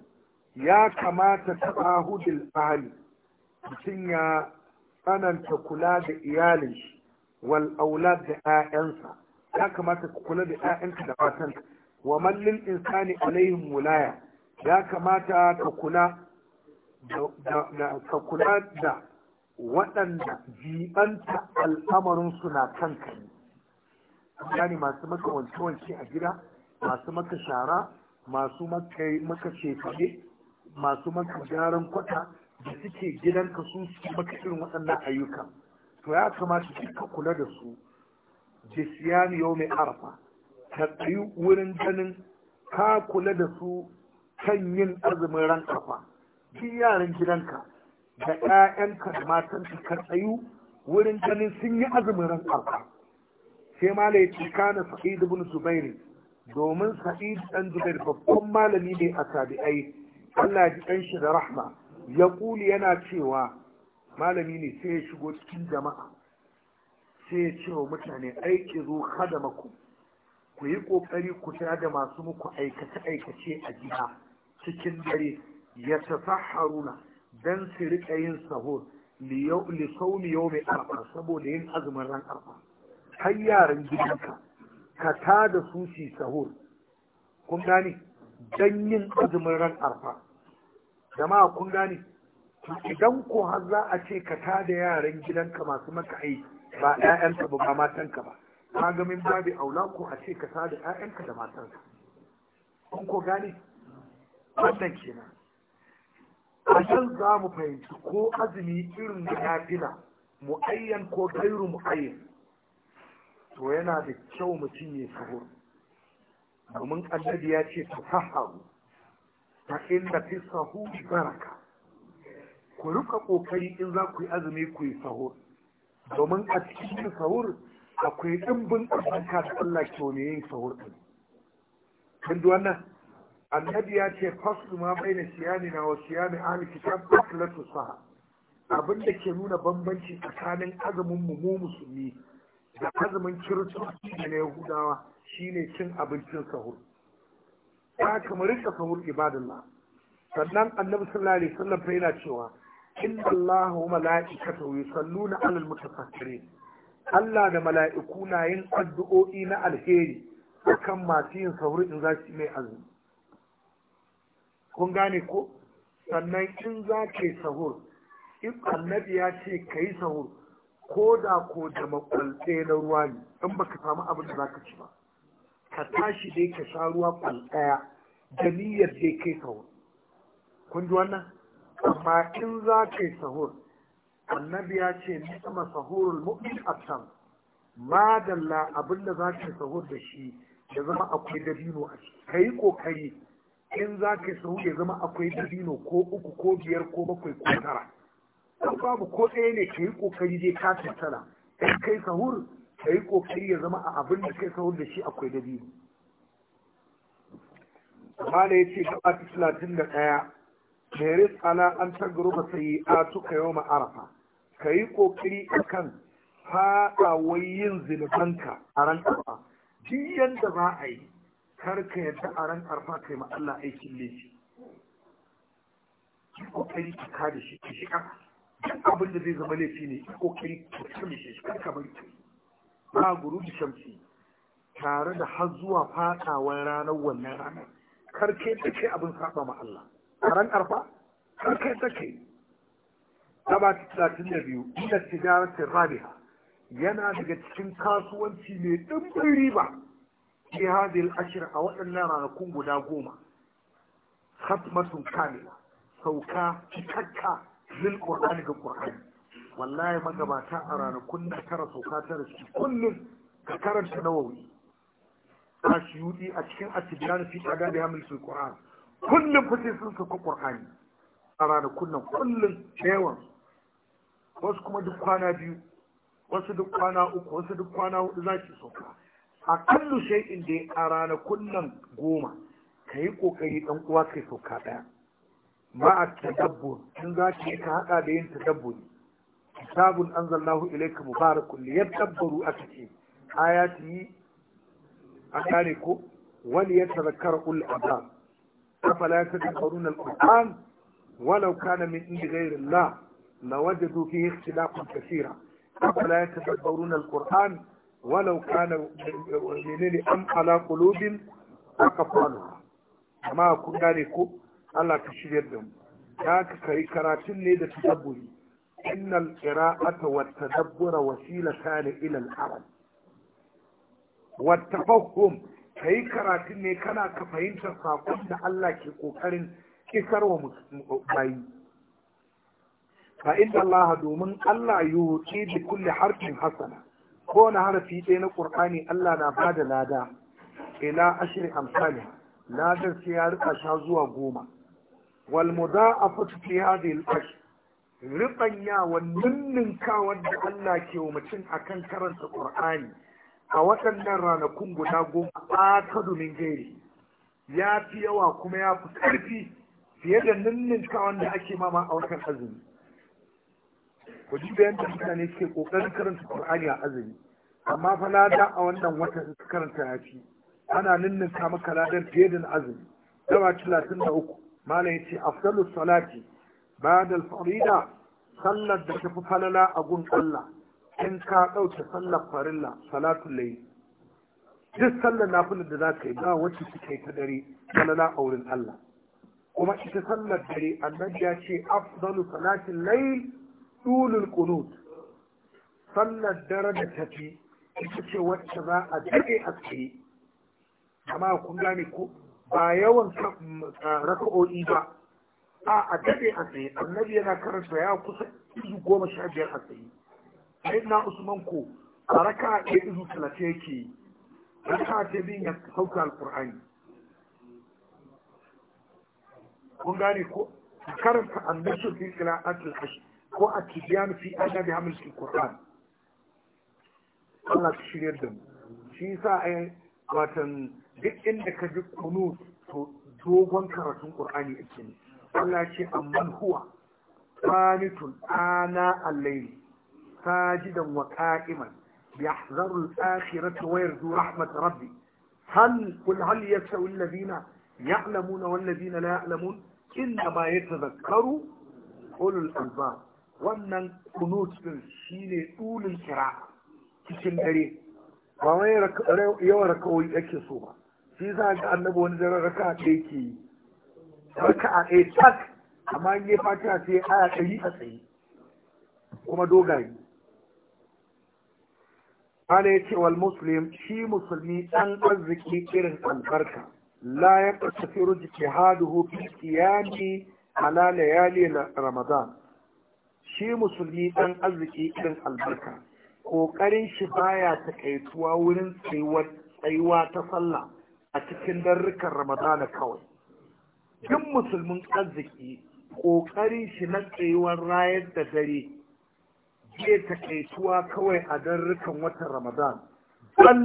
S1: ya kamata ta ahudil ahali mutum ya tsananta kula da iyalin shi wal aulad da 'ya'yansa ya kamata ka kula da 'ya'yanka da matan wa mallin insani alaihim wulaya ya kamata ka kula da ka kula da waɗanda jibanta al'amarin suna kanka ne yani masu maka wance-wance a gida masu maka shara masu maka shekaɗe masu maka gyaran kwata da suke gidanka su su maka irin waɗannan ayyukan to ya kamata kika kula da su jisiyan yau mai arfa ta tsayi wurin ganin ka kula da su kan yin azumin ran kafa kin yaran gidanka da 'ya'yanka da matanka ka tsayu wurin ganin sun yi azumin ran kafa sai ma ya cika kana sa'id ibn zubairi domin sa'id dan zubair babban malami ne a tabi'ai Allah ya ji shi da rahma ya kuli yana cewa malami ne sai ya shigo cikin jama'a sai ya ce wa mutane aiki zo kada maku ku yi kokari ku tara da masu muku aikace aikace a gida cikin dare ya tasaharuna dan su riƙa yin sahur li yau mai arfa saboda yin azumin ran arfa har yaran gidanka ka ta da su su sahur kun gane dan yin azumin ran arfa jama'a kun gane idan ko har za a ce ka tada yaran gidanka masu maka aiki ba 'ya'yanka ba ba matanka ba ka ga min babi aula ko a ce ka da 'ya'yanka da matanka kun ko gane wannan kenan a can za mu fahimci ko azumi irin ya fina mu'ayyan ko gairu mu'ayyan to yana da kyau mutum ya sahur domin annabi ya ce ta sahabu ta inda fi sahu baraka ku rika kokari in za ku yi azumi ku yi sahur domin a cikin sahur akwai dimbin albarka da Allah ke wani yin sahur ɗin kan ji wannan annabi ya ce fasu ma bai na siyami na wasu siyami ahli kitab aklatu saha abin da ke nuna bambanci tsakanin azumin mu mu musulmi da azumin kiristoci da na yahudawa shine cin abincin sahur ya kamar rika sahur ibadallah sannan annabi sallallahu alaihi wasallam fa yana cewa inna Allah wa mala'ikatahu yusalluna 'alal mutafakkirin Allah da mala'iku na yin addu'o'i na alheri akan masu yin sahur in za su mai azumi kun gane ko sannan in za ka yi sahur in annabi ya ce ka yi sahur ko da ko da makwalɗe na ruwa ne in ba ka samu abin da za ka ci ba ka tashi dai ka sha ruwa kwal ɗaya da niyyar dai kai sahur kun ji wannan amma in za ka yi sahur annabi ya ce nisma sahurul mu'min asam ma dalla abin da za ka yi sahur da shi ya zama akwai dabino a ciki ka yi kokari in za ka yi sahur ya zama akwai dabino ko uku ko biyar ko bakwai ko tara babu ko ɗaya ne ka yi kokari dai ka tattala in kai sahur ka yi kokari ya zama a abin da kai sahur da shi akwai dabino da ya ce gaba ta talatin da ɗaya heris ala an tagruba ka yawma arafa kayi kokiri akan wai yin zinubanka a ran arfa duk yadda za a yi kar ka yadda a ran arfa kai ma Allah aikin laifi ki kokari ki da shi ki shiga duk abin da zai zama laifi ne ki kokari ki kame shi kar ka bari ba guru da shamsi tare da har zuwa faɗawar ranar wannan ranar kar ke ta ce abin saba ma Allah a ran arfa har kai take gaba talatin da biyu inda tijaratin rabiha yana daga cikin kasuwanci mai ɗumbin riba fi hadil ashir a waɗannan ranakun guda goma khatmatun kamila sauka cikakka lil qur'ani ga ƙur'ani. wallahi magabata a ranakun da tara sauka tara su kullum ka karanta nawawi ashiyudi a cikin atibyan fi qadabi hamil fil qur'an kullum fice sun sauka ƙur'ani a ranakun kullum kullum cewar wasu kuma duk kwana biyu wasu duk kwana uku wasu duk kwana hudu za ki sauka a kallu shay'in da a ranakun kullum goma ka yi ƙoƙari ɗan uwa kai sauka ɗaya ma a tadabbur in za ki ka haɗa da yin tadabburi kitabun anzalnahu ilayka mubarakun ya ta yi a gane ko wani ya tazakkara ul azab أفلا يتدبرون القرآن ولو كان من عند غير الله لوجدوا فيه اختلاف كثيرا أفلا يتدبرون القرآن ولو كان منين أم على قلوب أقفالها كما كنا لكم ألا تشير دم ذاك كراتين ليد تدبري إن القراءة والتدبر وسيلة وسيلتان إلى العمل والتفهم ka karatu ne kana ka fahimtar sakon da Allah ke ƙoƙarin kisarwa bayi fa inda Allah domin Allah yuti bi kulli harfin hasana ko na harafi ɗaya na Qur'ani Allah na bada lada ila ashri amsali Ladar sai ya rika sha zuwa goma wal muda'afatu fi hadhihi al-ashr ribanya wannan ninkawar da Allah ke wa mutum akan karanta Qur'ani a waɗannan ranakun guda goma aka domin gairi ya fi yawa kuma ya fi ƙarfi fiye da ninninka wanda ake mama a watan azumi ku ji bayan da mutane ke ƙoƙarin karanta Qur'ani a azumi amma fa lada a wannan watan karanta ya fi ana ninninka maka ladar fiye da azumi dawa talatin da uku malam ya ce afdalu salati ba da farida sallar da ta fi falala a gun Allah in ka ɗauke sallar farilla salatun lai? duk sallar nafilar da za ka yi ba wacce suka ta dare salala a Allah kuma ita sallar dare annabi ya ce afdalu salatin lai, dulul qunut sallar dare da tafi ita ce wacce za a dade a tsaye amma kun gane ko ba yawan mm, raka'o'i ba a a dade a tsaye annabi yana karanta ya kusa izu goma sha biyar a tsaye sayyidina usman ko a raka ɗaya izu talatin yake raka ta bin ya sauka alƙur'ani kun gane ko karanta annasu fi qira'atul hashi ko a tijiyan fi adabi hamil fi qur'an Allah ta shirya da mu shi yasa ai watan duk inda ka ji kunu to dogon karatun qur'ani ake ne Allah ya ce amman huwa qanitun ana al ساجدا وقائما يحذر الآخرة ويرجو رحمة ربي هل قل هل يستوي الذين يعلمون والذين لا يعلمون إنما يتذكروا أولو الألباب wannan kunut din shine dulin kira cikin dare ba yawan rakawai yake so ba shi za ga annabi wani dare raka ɗaya ke yi raka a ɗaya tak amma yi fatiha sai aya ɗari a tsaye kuma dogaye ana ya ce wal muslim shi musulmi ɗan arziki irin albarka la ya ƙarfafi ruji jihaduhu fi qiyami ala layali ramadan shi musulmi ɗan arziki irin albarka ƙoƙarin shi baya takaituwa wurin tsayuwa ta sallah a cikin darrukan ramadana kawai duk musulmin arziki ƙoƙarin shi na tsayuwar rayar da dare ke takaituwa kawai a darrukan watan Ramadan bal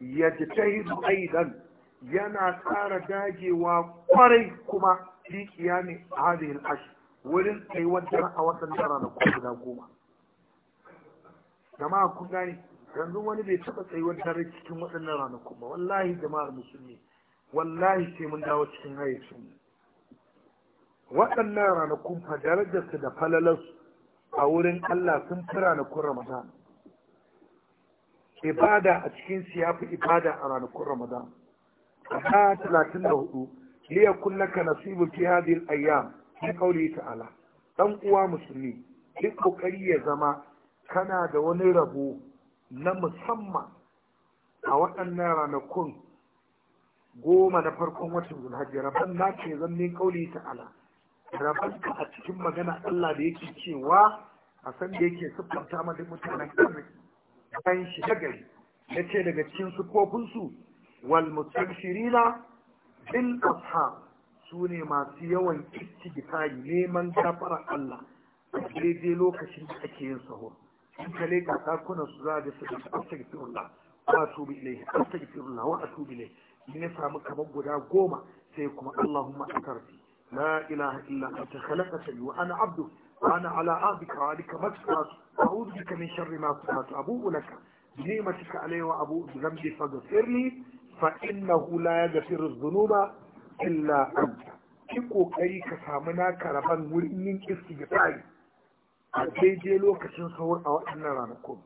S1: ya ji ta aidan yana tsara dagewa kwarai kuma dikiya ne a al-ash wurin aiwatar a watan tara da kuma guda goma jama'a kun gani yanzu wani bai taɓa tsayuwar dare cikin waɗannan ranakun ba wallahi jama'ar musulmi wallahi sai mun dawo cikin hayyacin waɗannan ranakun fa darajarsu da falalarsu a wurin Allah sun fi ranakun Ramadan. Ibada a cikin ya fi ibada a ranakun Ramadan. A talatin da hudu, liya kullaka nasibu fi hadhihi ayyam fi qawli ta'ala. Dan uwa musulmi, duk kokari ya zama kana da wani rabo na musamman a waɗannan ranakun goma na farkon watan Zulhajji. Rabban na ce zan min qawli ta'ala. rabanta a cikin magana Allah da yake cewa a san da yake siffanta ma duk mutanen arziki kan shi da gari ya ce daga cikin sukofinsu wal mustamshirina bil asha su ne masu yawan istighfari neman gafara Allah a daidai lokacin da ake yin sahu in ka leka takunan su za da su da astaghfirullah wa atubu ilayhi astaghfirullah wa atubu ilayhi in ya samu kamar guda goma sai kuma Allahumma akarfi لا إله إلا أنت خلقتني وأنا عبدك وأنا على عهدك وعليك ما تفعل أعوذ بك من شر ما فعلت أبوء لك بنعمتك علي وأبوء بذنبي فاغفرني فإنه لا يغفر الذنوب إلا أنت كيكو كيك سامنا كربان ولنين استغفاري أجي جي لو كشن صور أو أنا نكون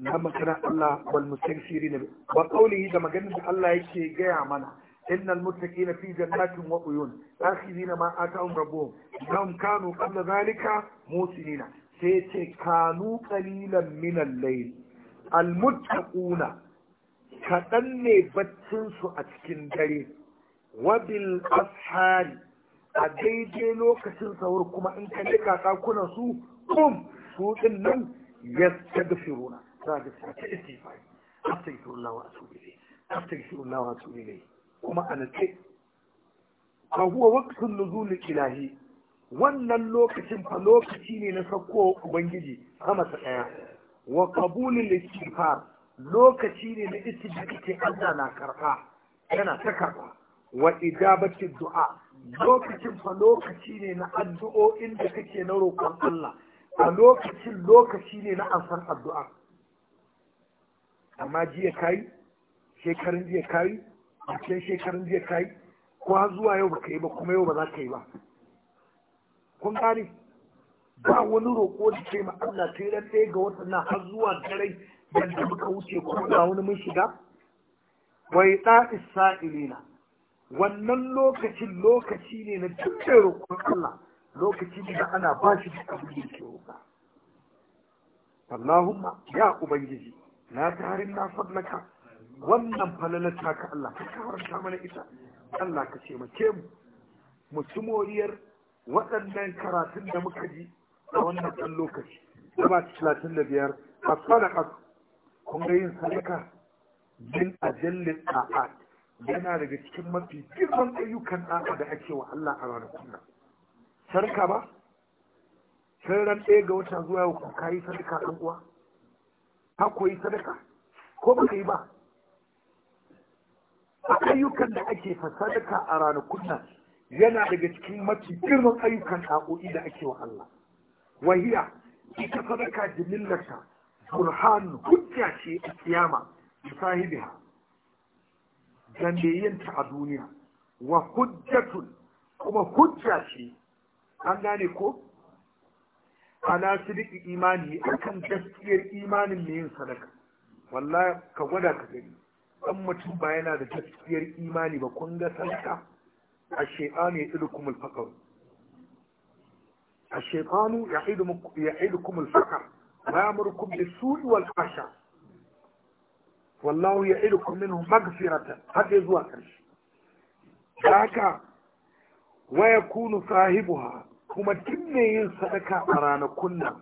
S1: نعم كنا الله والمستغفرين بقوله إذا ما جنب الله يكي جاء منه إن المتقين في جنات وعيون آخذين ما آتاهم ربهم إنهم كانوا قبل ذلك موسنين سيتي كانوا قليلا من الليل المتقون كأني بتنسو أتكندري وبالأسحار أديدي لوكسن صوركما إن كان لك أتاكونا سوء قم سوء النم يستغفرون هذا استغفار أستغفر الله وأتوب إليه أستغفر الله وأتوب إليه kuma a nace fa huwa waqtun nuzul ilahi wannan lokacin fa lokaci ne na sako ubangiji sama ta daya wa qabulul istighfar lokaci ne na istighfar Allah na karfa yana ta karfa wa ijabati du'a lokacin fa lokaci ne na addu'o'in da kake na roƙon Allah a lokacin lokaci ne na ansan addu'a amma jiya kai shekarun jiya kai a ce shekarun jiya ka ko har zuwa yau ba ka yi ba kuma yau ba za ka yi ba kun gane ba wani roƙo da ke ma Allah sai ran ɗaya ga watan na har zuwa dare yadda muka wuce kuma ga wani mun shiga wai Isa isra'ilina wannan lokacin lokaci ne na dukkan roƙon Allah lokaci da ana ba shi da abin da ke roƙa Allahumma ya ubangiji na tarin na fadlaka wannan falalar taka Allah ka kawarta mana ita Allah ka ce mace mu mu waɗannan karatun da muka ji a wannan ɗan lokaci gaba talatin da biyar a sadaka kun ga yin sadaka bin ajallin a'a yana daga cikin mafi girman ayyukan a'a da ake wa Allah a ranar kuna sarka ba sai ran ɗaya ga wata zuwa ku kayi sadaka ɗan uwa Ta koyi sadaka ko baka yi ba a ayyukan da ake fasadaka a ranakun nan yana daga cikin mafi girman ayyukan A'o'i da ake wa Allah wahiya ita sadaka jimillarta burhan hujja ce a kiyama da sahibiha a duniya wa hujjatun kuma hujja ce an gane ko ala sidiki imani akan gaskiyar imanin mai yin sadaka wallahi ka gwada ka gani dan mutum ba yana da tafiyar imani ba kun ga sarka a shaytan ya idu kumul faqr الشيطان يعيدكم يعيدكم الفقر ويأمركم بالسوء والفحشاء والله يعيدكم منه مغفرة هذا يزوى ذاك ويكون صاحبها kuma duk mai yin sadaka a ranakun nan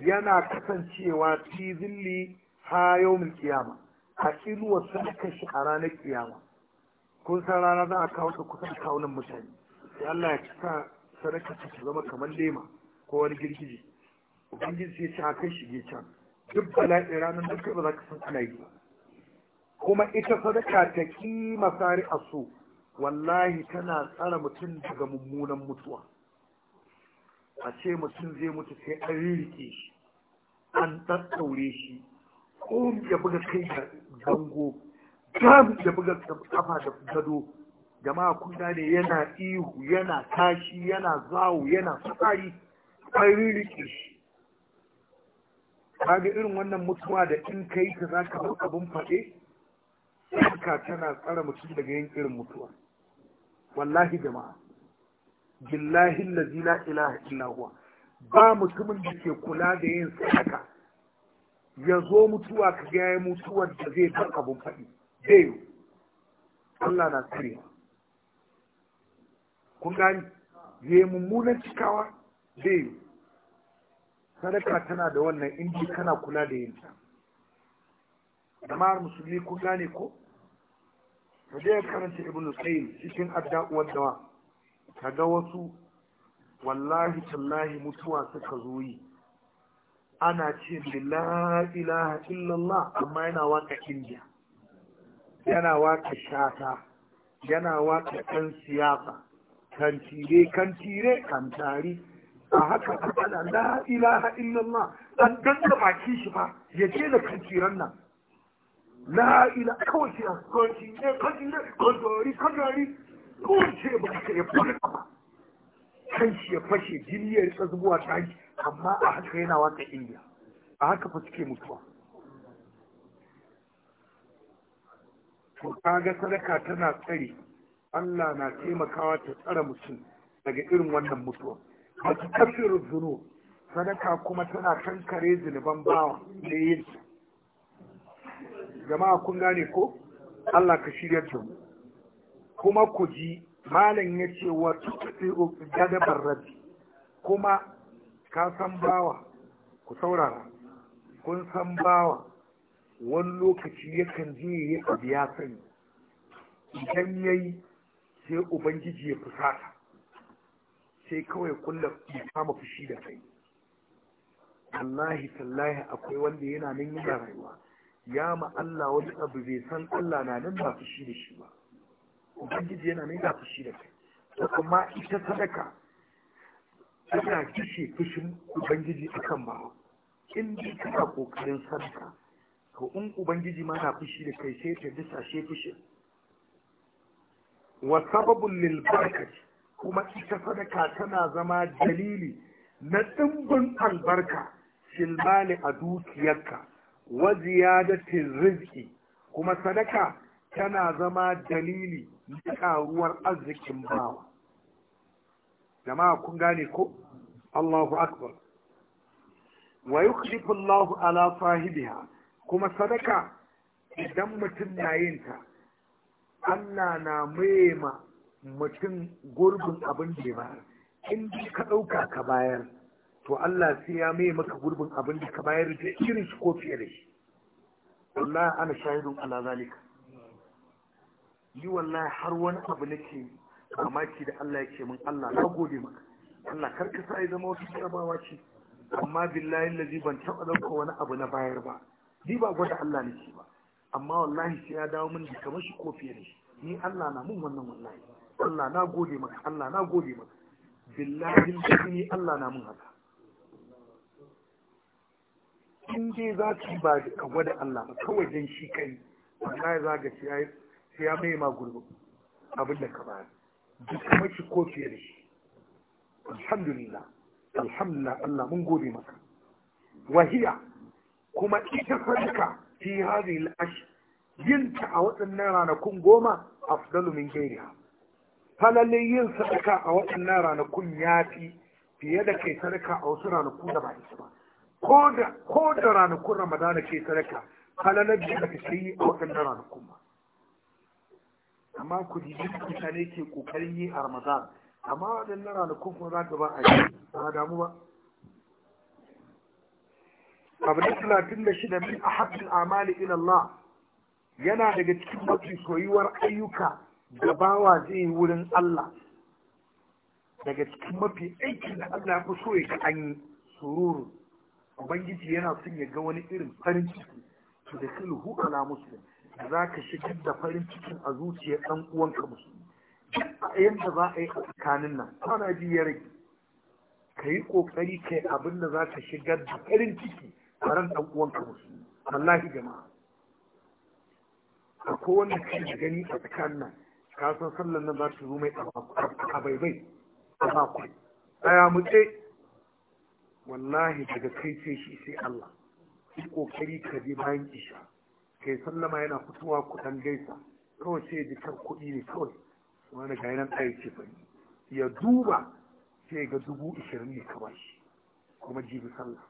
S1: yana kasancewa fi zilli ha yawmin kiyama a inuwa sadakar shi a ranar kiyama kun san rana za a kawo ta kusan kawunan mutane sai Allah ya sa sadaka ta zama kamar lema ko wani girgije ubangiji sai a kai shige can duk bala'i ranar da ba za ka san ana yi kuma ita sadaka ta ki masari a so wallahi tana tsara mutum daga mummunan mutuwa a ce mutum zai mutu sai an rike shi an tattaure shi ko ya buga kai bango gam da buga kafa da gado jama'a kun gane yana ihu yana tashi yana zawo yana tsari tsari shi kaga irin wannan mutuwa da in kai ta za ka abun fade ka tana tsara mutum daga yin irin mutuwa wallahi jama'a billahi allazi la ilaha illa huwa ba mutumin da ke kula da yin sadaka ya zo mutuwa ka ga ya mutuwar da zai bar abun faɗi zai Allah na kare kun gani ya mummunan cikawa zai sadaka tana da wannan inji kana kula da yinta jama'ar musulmi kun gane ko ka je karanta ibnu sayyid cikin addu'ar dawa ka ga wasu wallahi tallahi mutuwa suka zo yi ana ce la ilaha illallah amma yana waka indiya yana waka shata yana waka ɗan siyasa kantire kantire kantari a haka ana la ilaha illallah an ganta baki shi ba ya ce da kantiran nan la ilaha kawai ce kantire kantire kantari kantari kawai ce ba ka yi ba kan shi ya fashe jini ya rika zubuwa ta hanci amma a haka yana waka indiya a haka fa suke mutuwa ka ga sadaka tana tsari. Allah na taimakawa ta tsara mutum daga irin wannan mutuwa ba ta kafiru zuru sadaka kuma tana kankare zunuban bawa da yin su jama'a kun gane ko Allah ka shirya da mu kuma ku ji malam ya ce wa tuɗi gadabar rabi kuma ka san bawa ku saurara kun san bawa wani lokaci yakan je ya abu ya sani idan ya yi sai ubangiji ya fusata sai kawai kulla ya kama fushi da kai Allahi tallahi akwai wanda yana nan yana rayuwa ya ma Allah wani abu bai san Allah na nan ba fushi da shi ba ubangiji yana nan ya fushi da kai kuma ita sadaka ana kishe fushin ubangiji akan ba in ji kana kokarin sarka to in ubangiji ma na fushi da kai sai ta disa shi fushi wa sababun lil barakati kuma ita sadaka tana zama dalili na dimbin albarka fil a dukiyarka wa ziyadatin rizki kuma sadaka tana zama dalili na ƙaruwar arzikin bawa jama'a kun gane ko Allahu akbar wa yukhlifu Allahu ala sahibiha kuma sadaka idan mutum na yin ta Allah na maima mutum gurbin abin da ba in ka ɗauka ka bayar to Allah sai ya mai maka gurbin abin da ka bayar da irin shi ko fiye da shi wallahi ana shahidun ala zalika ni wallahi har wani abu nake mamaki da Allah ya ce min Allah na gode maka Allah kar ka sa ya zama wasu jarabawa ce amma billahi lazi ban taɓa ɗauka wani abu na bayar ba ni ba gwada Allah nake ba amma wallahi sai ya dawo min da kamar shi ko fiye da shi ni Allah na mun wannan wallahi Allah na gode maka Allah na gode maka billahi ni Allah na mun haka in dai za ki ba ka gwada Allah ba kawai dan shi kai wallahi za ga ci ya mai ma gurbin abin da ka bayar duk mace ko fiye da shi alhamdulillah alhamdulillah Allah mun gode maka wahiya kuma ita sadaka fi hadhihi al-ash ta a waɗannan ranakun goma afdalu min gairiha halalle yin sadaka a waɗannan ranakun yafi fiye da kai sadaka a wasu ranakun da ba isa ba ko da ranakun ramadana ke sadaka halalle da ka yi a waɗannan ranakun ba amma ku duk mutane ke kokarin yi a ramadan amma waɗannan ranakun kuma za ka ba a yi ba damu ba abu na talatin da shida min a haɗin amali in Allah yana daga cikin mafi soyuwar ayyuka da bawa zai wurin Allah daga cikin mafi aikin da Allah fi so ya ka an yi sururu ubangiji yana son ya ga wani irin farin ciki da kulhu ala muslim za ka shigar da farin cikin a zuciya ɗan uwanka musulmi yadda za a yi a tsakanin nan kwana biyu ya rage ka yi ƙoƙari ka yi abin da za ka shigar da farin ciki a ran ɗan uwanka musulmi wallahi jama'a A wanda ka gani a tsakanin nan ka san sallan nan za ta zo mai a baibai a bakwai ɗaya mutse wallahi daga kai sai shi sai Allah yi ƙoƙari ka je bayan isha ke sallama yana fitowa kuɗan gaisa kawai sai ji kan kuɗi ne kawai wani ga yanan ɗaya ce bane ya duba sai ga dubu ishirin ne ka bashi kuma jibi sallah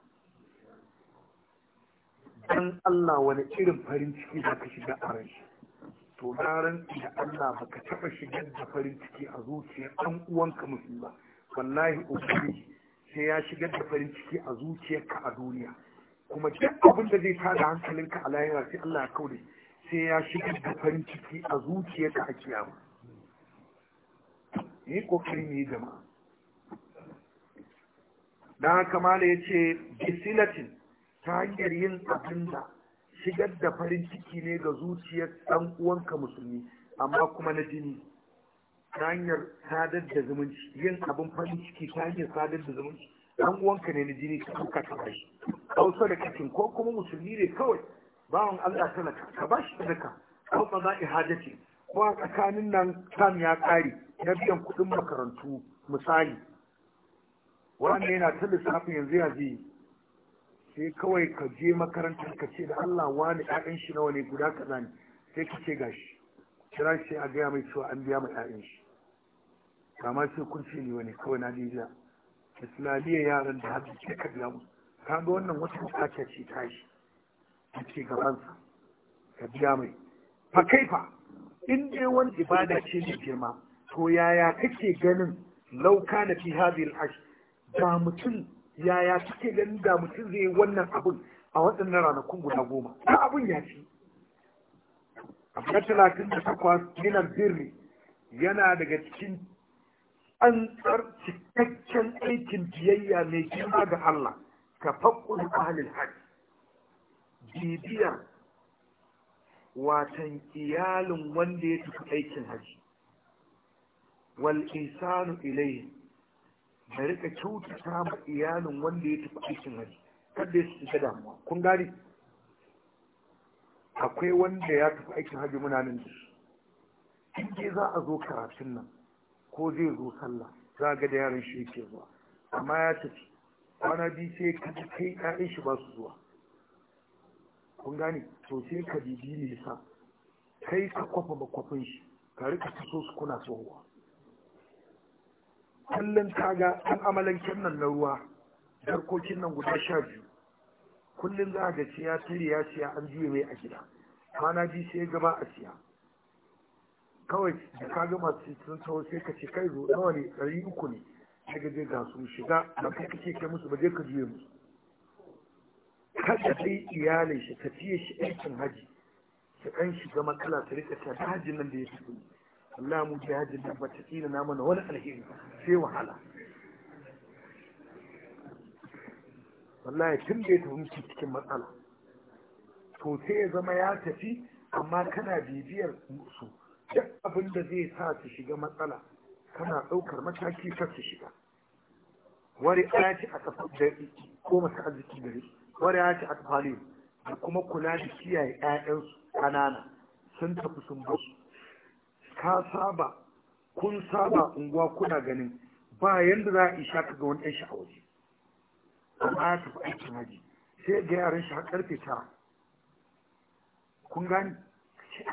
S1: dan Allah wani irin farin ciki za ka shiga a ran shi to na ran da Allah ba ka taɓa shigar da farin ciki a zuciyar ɗan uwanka musulma wallahi ubangiji sai ya shigar da farin ciki a zuciyarka a duniya kuma duk abin da zai tada hankalinka a layuwa sai Allah ya kaure sai ya shigar da farin ciki a zuciyarka a kiyama yi kokari ne gama. dan kamala mala yace bisilatin ta hanyar yin abin da shigar da farin ciki ne ga zuciyar dan uwanka musulmi amma kuma na jini ta hanyar sadar da zumunci yin abin farin ciki ta hanyar sadar da zumunci dan uwanka ne na jini ka duka ka bashi hausa da kakin ko kuma musulmi ne kawai bawan Allah talaka ka bashi sadaka ko ba za ihadati ko a tsakanin nan sam ya kare na biyan kuɗin makarantu misali wanda yana ta lissafin yanzu ya je sai kawai ka je makarantar ka ce da Allah wani ƴaƴan shi nawa ne guda kaza ne sai ka ce gashi kira shi a gaya mai cewa an biya mai 'ya'yan shi kama sai kun ce ni wani kawai na je islamiyya yaran da hajji ke kallamu kaga wannan wasu bukata ce tashi a ce gabansa ka biya mai fa fa in dai wani ibada ce ne girma to yaya kake ganin lauka na fi hadhihi al-ash da mutum yaya kake ganin da mutum zai yi wannan abun a waɗannan ranakun guda goma ta abun ya fi abu na talatin da takwas minan birri yana daga cikin tsar cikakken aikin biyayya mai girma ga Allah ka faƙon ahalin haƙi bibiya watan iyalin wanda ya tafi aikin haji wal isanu ilayhi da rika kyautata ma iyalin wanda ya tafi aikin haji kada ya shiga damuwa kun gane akwai wanda ya tafi aikin haji muna nan da shi in za a zo karatun nan ko zai zo sallah za ga da yaran shi yake zuwa amma ya tafi kwana biyu sai ka ji kai shi ba su zuwa kun gane to sai ka bibi ne kai ka kwafa makwafin shi ka rika so su kuna tsohuwa kallon kaga an amalanken nan na ruwa jarkokin nan guda sha biyu kullum za a ga siya tiri ya siya an juye mai a gida kwana biyu sai gaba a siya kawai da ka gama sun tawo sai ka ce kai zo nawa ne ɗari uku ne sai ka je ga su shiga ba kai ka ce kai musu ba je ka juye musu kada dai iyalin shi tafiye shi aikin haji su ɗan shiga matsala su rika ta hajin nan da ya tafi Allah mu ji hajin nan ba ta tsina na mana wani alheri sai wahala wallahi tun da ya tafi mutum cikin matsala to sai ya zama ya tafi amma kana bibiyar su duk abin da zai sa su shiga matsala kana ɗaukar mataki kar su shiga wari ya ce a kafin da ko masu arziki gare wari ya ce a kafali da kuma kula da kiyaye ƴaƴansu ƙanana sun tafi sun basu ka saba kun saba unguwa kuna ganin ba yanda za a isha ka ga wani ɗan sha'awaji amma ya tafi aikin haji sai ga yaran shi har ƙarfe tara kun gani ce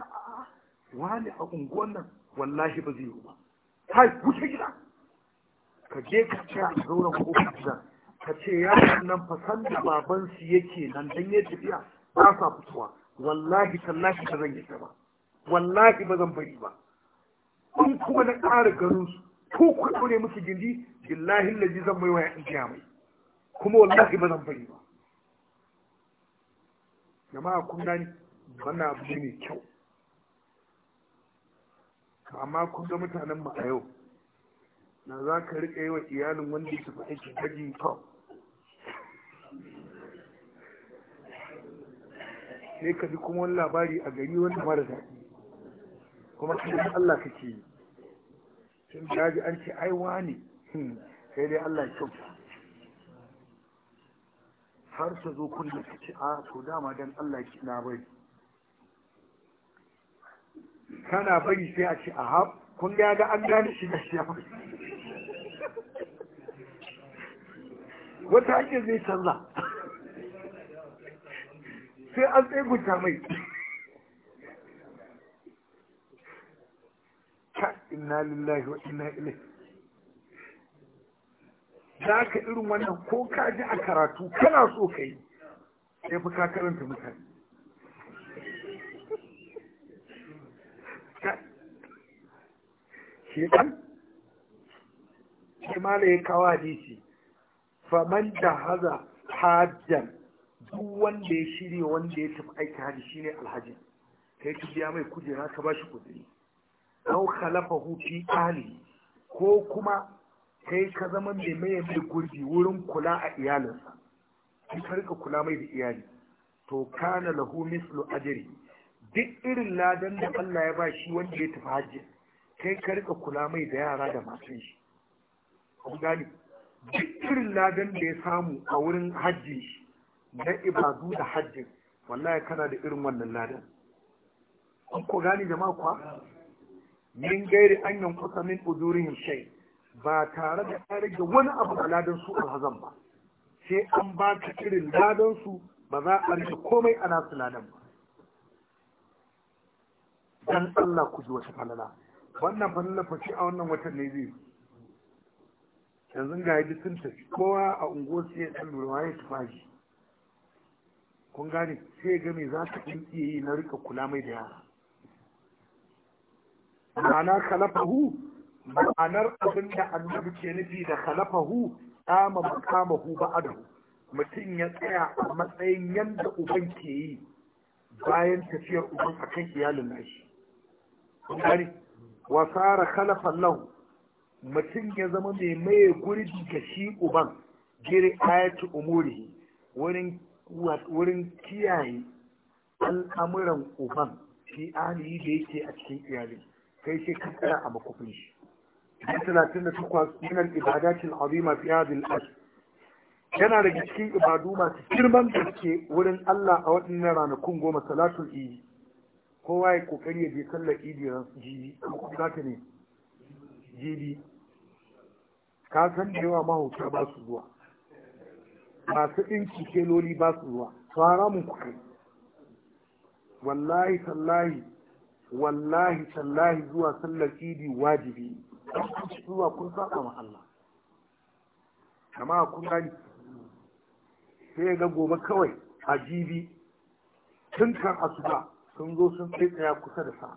S1: wani a unguwan nan wallahi ba zai yi ba kai wuce gida ka je ka ce a zauren kofar gidan ka ce ya nan fasan da su yake nan dan ya tafiya ba sa fitowa wallahi tallahi ba zan yi ba wallahi ba zan bari ba in kuma na ƙara ganin su ko ku ɗaure musu gindi billahi lazi zan mai waya in mai kuma wallahi ba zan bari ba jama'a kun gani wannan abu ne mai kyau to amma kun ga mutanen mu a yau na za ka riƙe yi wa iyalin wanda su fi aiki kaji to sai ka ji kuma wani labari a gari wanda mara daɗi kuma cikin Allah kake yi sun da ji an ce ai wani hmm, sai dai Allah ya kyauta har ta zo kun ka ce a ah, to dama dan Allah ki na bai kana bari sai a ce a hab kun ga ga an gane shi da shi wata ake zai canza
S2: sai an guta mai
S1: ta inna lillahi wa inna ilai za ka irin wannan ko ka ji a karatu kana so ka yi sai fi ka karanta mutane shi shi ya kawo hadisi faman da haza hajjan duk wanda ya shirya wanda ya tafi aiki hajji shine alhaji kai yi biya mai kujera ka shi kudiri aw khalafahu fi ahli ko kuma kai ka zama mai mai mai gurbi wurin kula a iyalinsa kai ka kula mai da iyali to kana lahu mislu ajri duk irin ladan da Allah ya ba shi wanda ya tafi hajji kai ka rika kula mai da yara da matan shi kun gani duk irin ladan da ya samu a wurin hajji na ibadu da hajjin wallahi kana da irin wannan ladan an ko gani jama'a kuwa min gairi an kusa min udurihim shay ba tare da ya rage wani abu a ladan su alhazan ba sai an ba ka irin ladan su ba za a rike komai a nasu ladan ba dan Allah ku ji wata falala wannan fallafaci a wannan watan ne biyu yanzu ga yi sun tafi kowa a unguwar sai ya lura ya ya tufaji kun gane sai ga za ta ɗin iya yi na rika kula mai da yara ma'ana kalafahu, ma'anar abin da annabi ke nufi da kalafahu, kama makamahu ba ado, mutum ya tsaya a matsayin yadda uban ke yi bayan tafiyar uban akan iyalin nashi kun gane wa sara khalafan lahu mutum ya zama mai maye gurbi ga shi uban gire ayatu umurihi wurin wurin kiyaye al'amuran uban shi alihi da yake a cikin iyali kai sai ka tsaya a makofin shi na talatin da azima fi yana daga cikin ibadu masu girman da ke wurin Allah a waɗannan ranakun goma salatul iyi kowa ya kokari ya je sallar idi ran jibi za ta ne jibi ka san da yawa mahauta ba su zuwa masu ɗinki keloli ba su zuwa fara mun ku kai wallahi sallahi, wallahi sallahi, zuwa sallar idi wajibi zuwa kun saba ma Allah kama kun gani sai ga gobe kawai a jibi tun kan asuba sun zo sun kai tsaya kusa da sa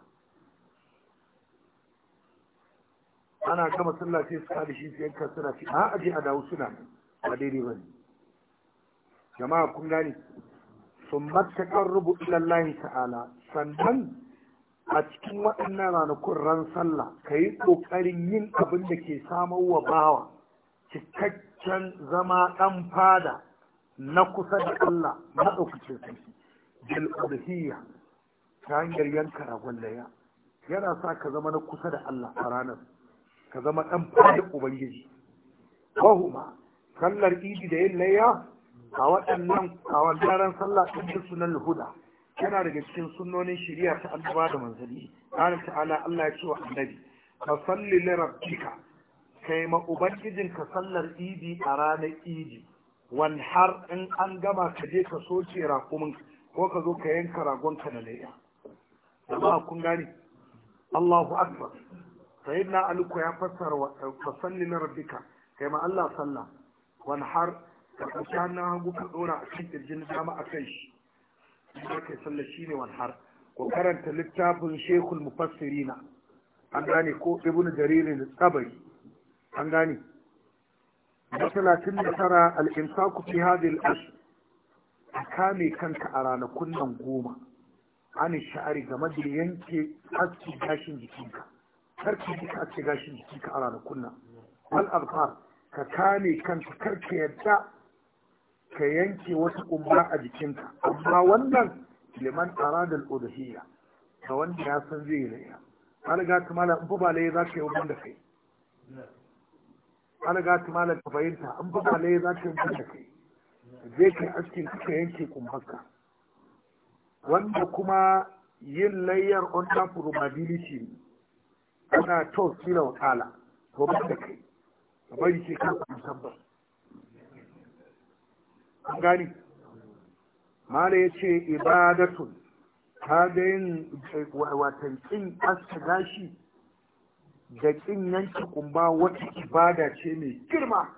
S1: ana gama sallah sai su kada shi yanka suna fi a aje a dawo suna ba daidai ba ne jama'a kun gane sun matakar rubu ilallahi ta'ala sannan a cikin waɗannan ranakun ran sallah ka yi ƙoƙarin yin abin da ke samar wa bawa cikakken zama ɗan fada na kusa da Allah ɗaukacin sarki bil ta hanyar yanka ragon laya yana sa ka zama na kusa da Allah a ranar ka zama ɗan fada ubangiji wahuma sallar idi da yin layya a waɗannan a wannan sallah ɗin na huda yana daga cikin sunnonin shari'a ta annaba da manzanni qala ta'ala Allah ya ce wa annabi ka salli li rabbika kai ma ubangijin ka sallar idi a ranar idi wan har in an gama ka je ka soce rakumin ko ka zo ka yanka ragon ka na layya jama'a kun gane Allahu akbar sayyidina Ali ko ya fassara wa fasalli na rabbika kai ma Allah sallah wani har ka ɗauki hannun hagu ka ɗora a cikin ƙirjin dama a kai shi ka kai sallah ne wani har ko karanta littafin shekul mufassirina an gane ko ibnu jarir tsabari an gane da talatin da tara ku fi hadil ash a kame kanka a ranakun nan goma an sha'ari game da yanke aski gashin jikinka karki duka aski gashin jikinka a ranakun kunna wal alfar ka kame kanka karki yadda ka yanke wata umma a jikinka amma wannan liman aradal udhiyya ga wanda ya san zai yi laiya ga ta mala in ba laiya za ka yi wanda kai ga ta mala ka fahimta in ba laiya za ka yi wanda kai zai kai askin ka yanke kumbarka wanda kuma yin layyar on ta probability ana to kila wakala to ba da kai kamar yake kan musamman an gani ya ce ibadatun ta da yin watan kin aska gashi da kin yanki kumba wata ibada ce mai girma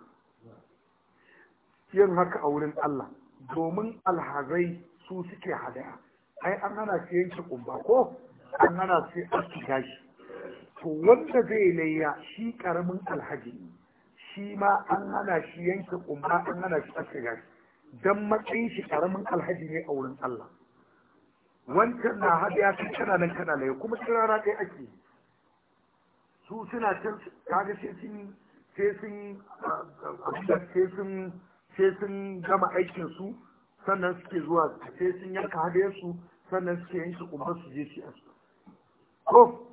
S1: yin haka a wurin Allah domin alhazai su suke hadaya ai an hana shi yanke kumba ko an hana shi aski gashi? to wanda zai layya shi karamin alhaji shi ma an hana shi yanke kumba an hana shi aski gashi. dan matsayin shi karamin alhaji ne a wurin Allah wancan na ya kai kana nan kana laye kuma rana kai ake su suna can kaga sai sun sai sun ah, ah, ah, sai sun gama aikin su sannan suke zuwa sai sun yanka hadayar su sannan suke su kuma su je su asu ko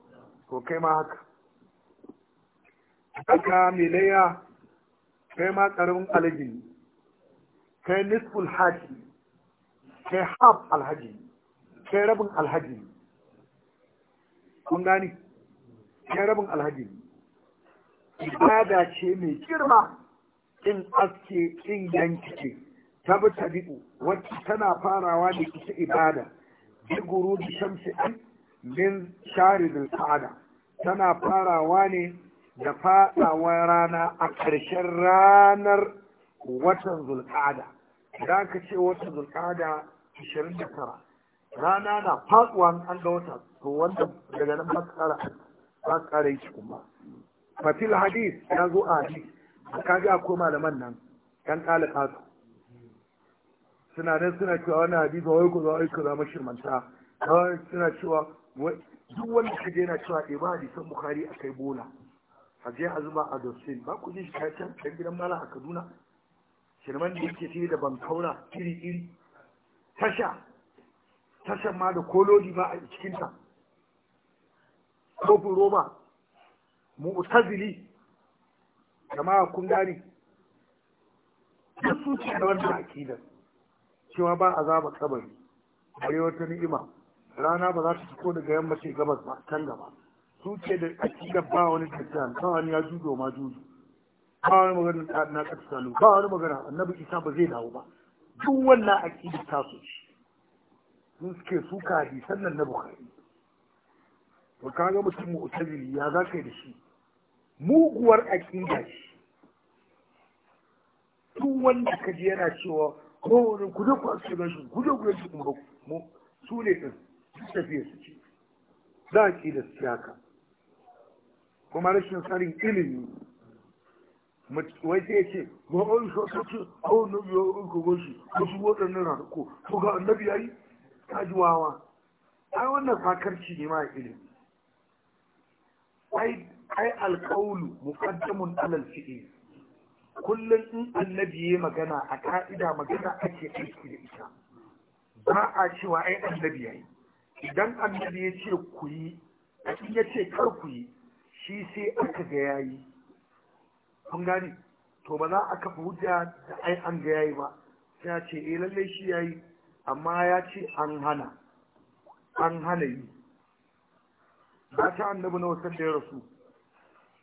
S1: to kai ma haka haka mai laya kai ma karamin alhaji kai nisful haji kai haf alhaji kai rabin alhaji kun gani kai rabin alhaji ibada ce mai girma in aske in yanki tabtadi'u wacce tana farawa da ita ibada bi gurubi shamsi an min shari da sa'ada tana farawa ne da fadawa rana a ƙarshen ranar watan zulƙada da ka ce watan zulƙada 29 rana na faɗuwa an ga wata to wanda daga nan ba ƙara yi kuma fatil hadis ya zo a hadis Ka ga akwai malaman nan ɗan ɗalibatu suna nan suna cewa wani hadisi wai ku zo ai ku zama shirmanta suna cewa duk wanda je yana cewa ɗaya eh, ba hadisan bukari a kai bola a je a zuba a dosin ba ku ji shi kai can kan gidan mala a kaduna shirman da yake sai da bankaura iri iri tasha tashan ma da kolodi ba a cikinta kofin roba mu'tazili jama'a kun gane duk su ce da wannan akidar cewa ba azabar kabari bare wata ni'ima rana ba za ta fito daga yammacin gabas ba can gaba su ce da akida ba wani tafiya ba wani ya judo ma judo ba wani magana na ƙasa salo ba wani magana annabi isa ba zai dawo ba duk wannan akida ta su shi sun suke suka hadisan nan na bukari ba ka ga mutum mu'tazili ya za ka yi da shi muguwar akida shi duk wanda ka ji yana cewa kowane ku ku aske gashi ku ku yanke kuma mu su ne ɗin duk tafiya su ce za a ƙi da su haka kuma rashin tsarin ilimi wai sai ce ma wani so ta a wani na biya an ka gashi ko su waɗannan na ko ko ga annabi yi ta ji wawa ai wannan fakarci ne ma ilimi ai ai mu muqaddamun alal fi'li kullum in annabi ya magana a ka'ida magana ake aiki da ita ba a cewa ai annabi yayi idan annabi ya ce ku yi a in ya ce kar ku yi shi sai aka ga yayi kun gane to ba za a kafa hujja da ai an ga yayi ba sai ya ce eh lallai shi ya amma ya ce an hana an hana yi ba ta annabi na wasan da ya rasu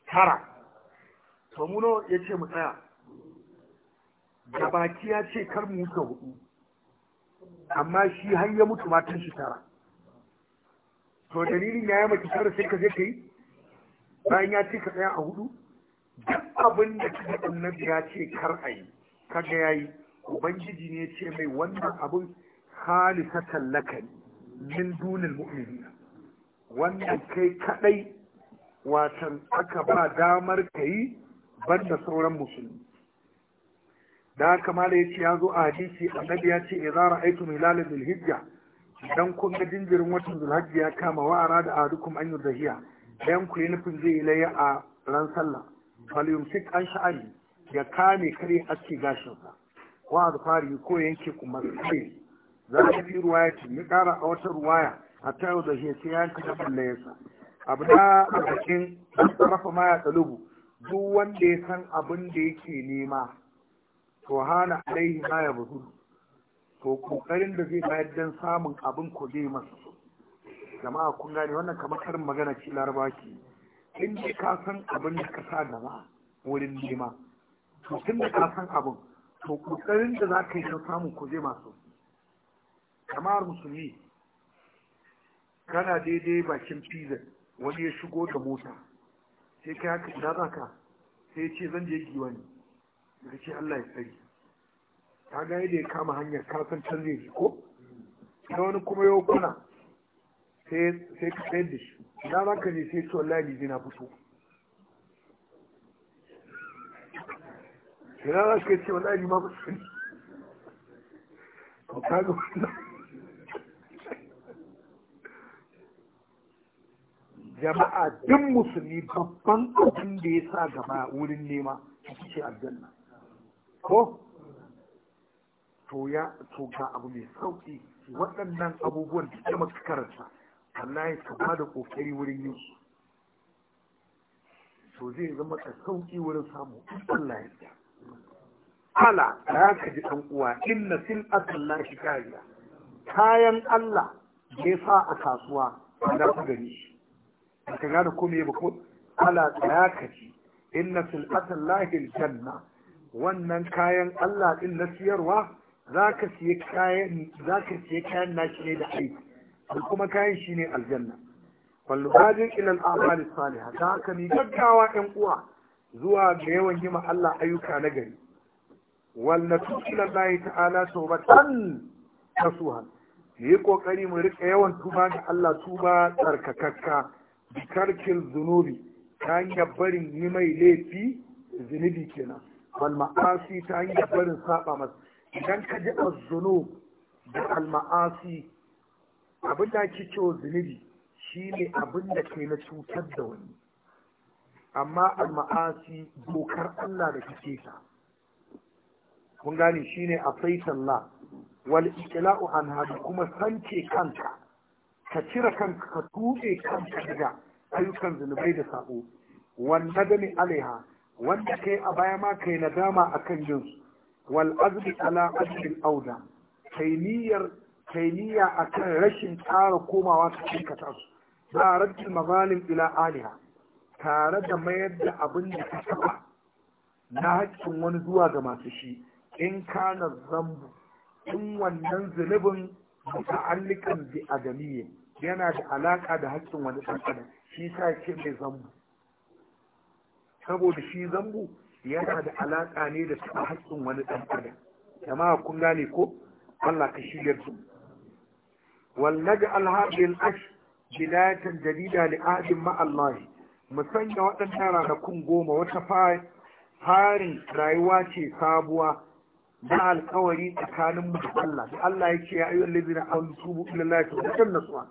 S1: tara samuno ya ce mu tsaya da baki ya ce kar mu wuce hudu amma shi har ya mutu matan shi tara to dalilin ya yi maki tara sai ka je ka yi bayan ya ce ka tsaya a hudu duk abin da kika annabi ya ce kar a yi kaga ya yi ubangiji ne ya ce mai wannan abin halisatan lakani min dunin mu'minina wannan kai kaɗai watan aka ba damar ka yi banda sauran musulmi da haka mala ya ce ya zo a hadisi annabi ya ce idan ra'aytum hilal al-hijja idan kun ga jinjirin watan zulhijja ya kama wa arada ahadukum an yudahiya dan ku yi nufin zai yi a ran sallah yumsik an sha'ani ya kame kare aski gashin sa wa azfari ko yanke kuma sai za a yi ruwaya ce ya kara a wata ruwaya a ta yau da shi sai yanka da layasa. abu da a cikin rafa ma ya talubu duk wanda ya san abin da yake nema to hana alaihi ma ya buzu to kokarin da zai bayar don samun abin ko zai masa jama'a kun gane wannan kamar karin magana ce laraba ke in ji ka san abin da ka sa gaba wurin nema to tun da ka san abin to kokarin da za ka yi don samun ko zai masu kamar musulmi kana daidai bakin pizza wani ya shigo da mota sai ka haka ina za ka sai ce zan je giwa ne daga ce Allah ya tsari ta ga yadda ya kama hanyar kasan can zai ji ko Sai wani kuma yau kuna sai ka tsayar da shi ina za ka ne sai ce wallahi ni na fito ina za ka ce wani ni ma fito ne ka ga wannan jama'a duk musulmi babban abin da ya sa gaba wurin nema a ce aljanna ko to ya to ga abu mai sauki waɗannan abubuwan da ke maka karanta Allah ya ka bada kokari wurin yin su to zai zama ka sauki wurin samu Allah ya ya ala ya ka ji dan uwa inna fil shi kariya kayan Allah ya sa a kasuwa da ku gani shi ka gane ko me ba ko ala tsaya ka ci inna fil asallahi janna wannan kayan Allah din na siyarwa zaka siye kayan zaka siye kayan ne da aiki kuma kayan shi ne aljanna wallubajin ilal amali saliha ta haka ni gaggawa ɗan uwa zuwa ga yawan yi Allah ayyuka na gari wallatu ila Allah ta'ala tawbatan nasuha yi kokari mu rika yawan tuba ga Allah tuba tsarkakakka bikarkin zunubi ta hanyar barin yi mai laifi zunubi kenan wal ma'asi ta hanyar barin saba masa idan ka ji azzunub da al ma'asi abin da ake cewa zunubi ne abin da ke na cutar da wani amma al ma'asi dokar Allah da kike ta kun gane shi ne a la wal an hadu kuma sanke kanka ka cire kanka ka tuɗe kanka daga ayyukan zunubai da sabo wanda dami alaiha wanda kai a baya ma kai nadama akan su wal azbi ala azbil auda kai niyyar kai niyya akan rashin ƙara komawa ta aikata su ba rajin mazalim ila aliha tare da mayar da abin da ka taɓa
S2: na haƙƙin
S1: wani zuwa ga masu shi in kana zambu in wannan zunubin muta'allikan bi yana da alaƙa da haƙƙin wani ɗan shi sa ce mai zambu saboda shi zambu yana da alaƙa ne da a haƙƙin wani ɗan adam jama'a kun gane ko Allah ka shigar su wallaga alhaɗin ash bidayatan jarida da ahadin ma'allahi mu sanya waɗannan ranakun goma wata farin rayuwa ce sabuwa na alkawari tsakanin mu da Allah da Allah yake ya ayyuhal ladina amanu tubu ila Allah wa tanasuwa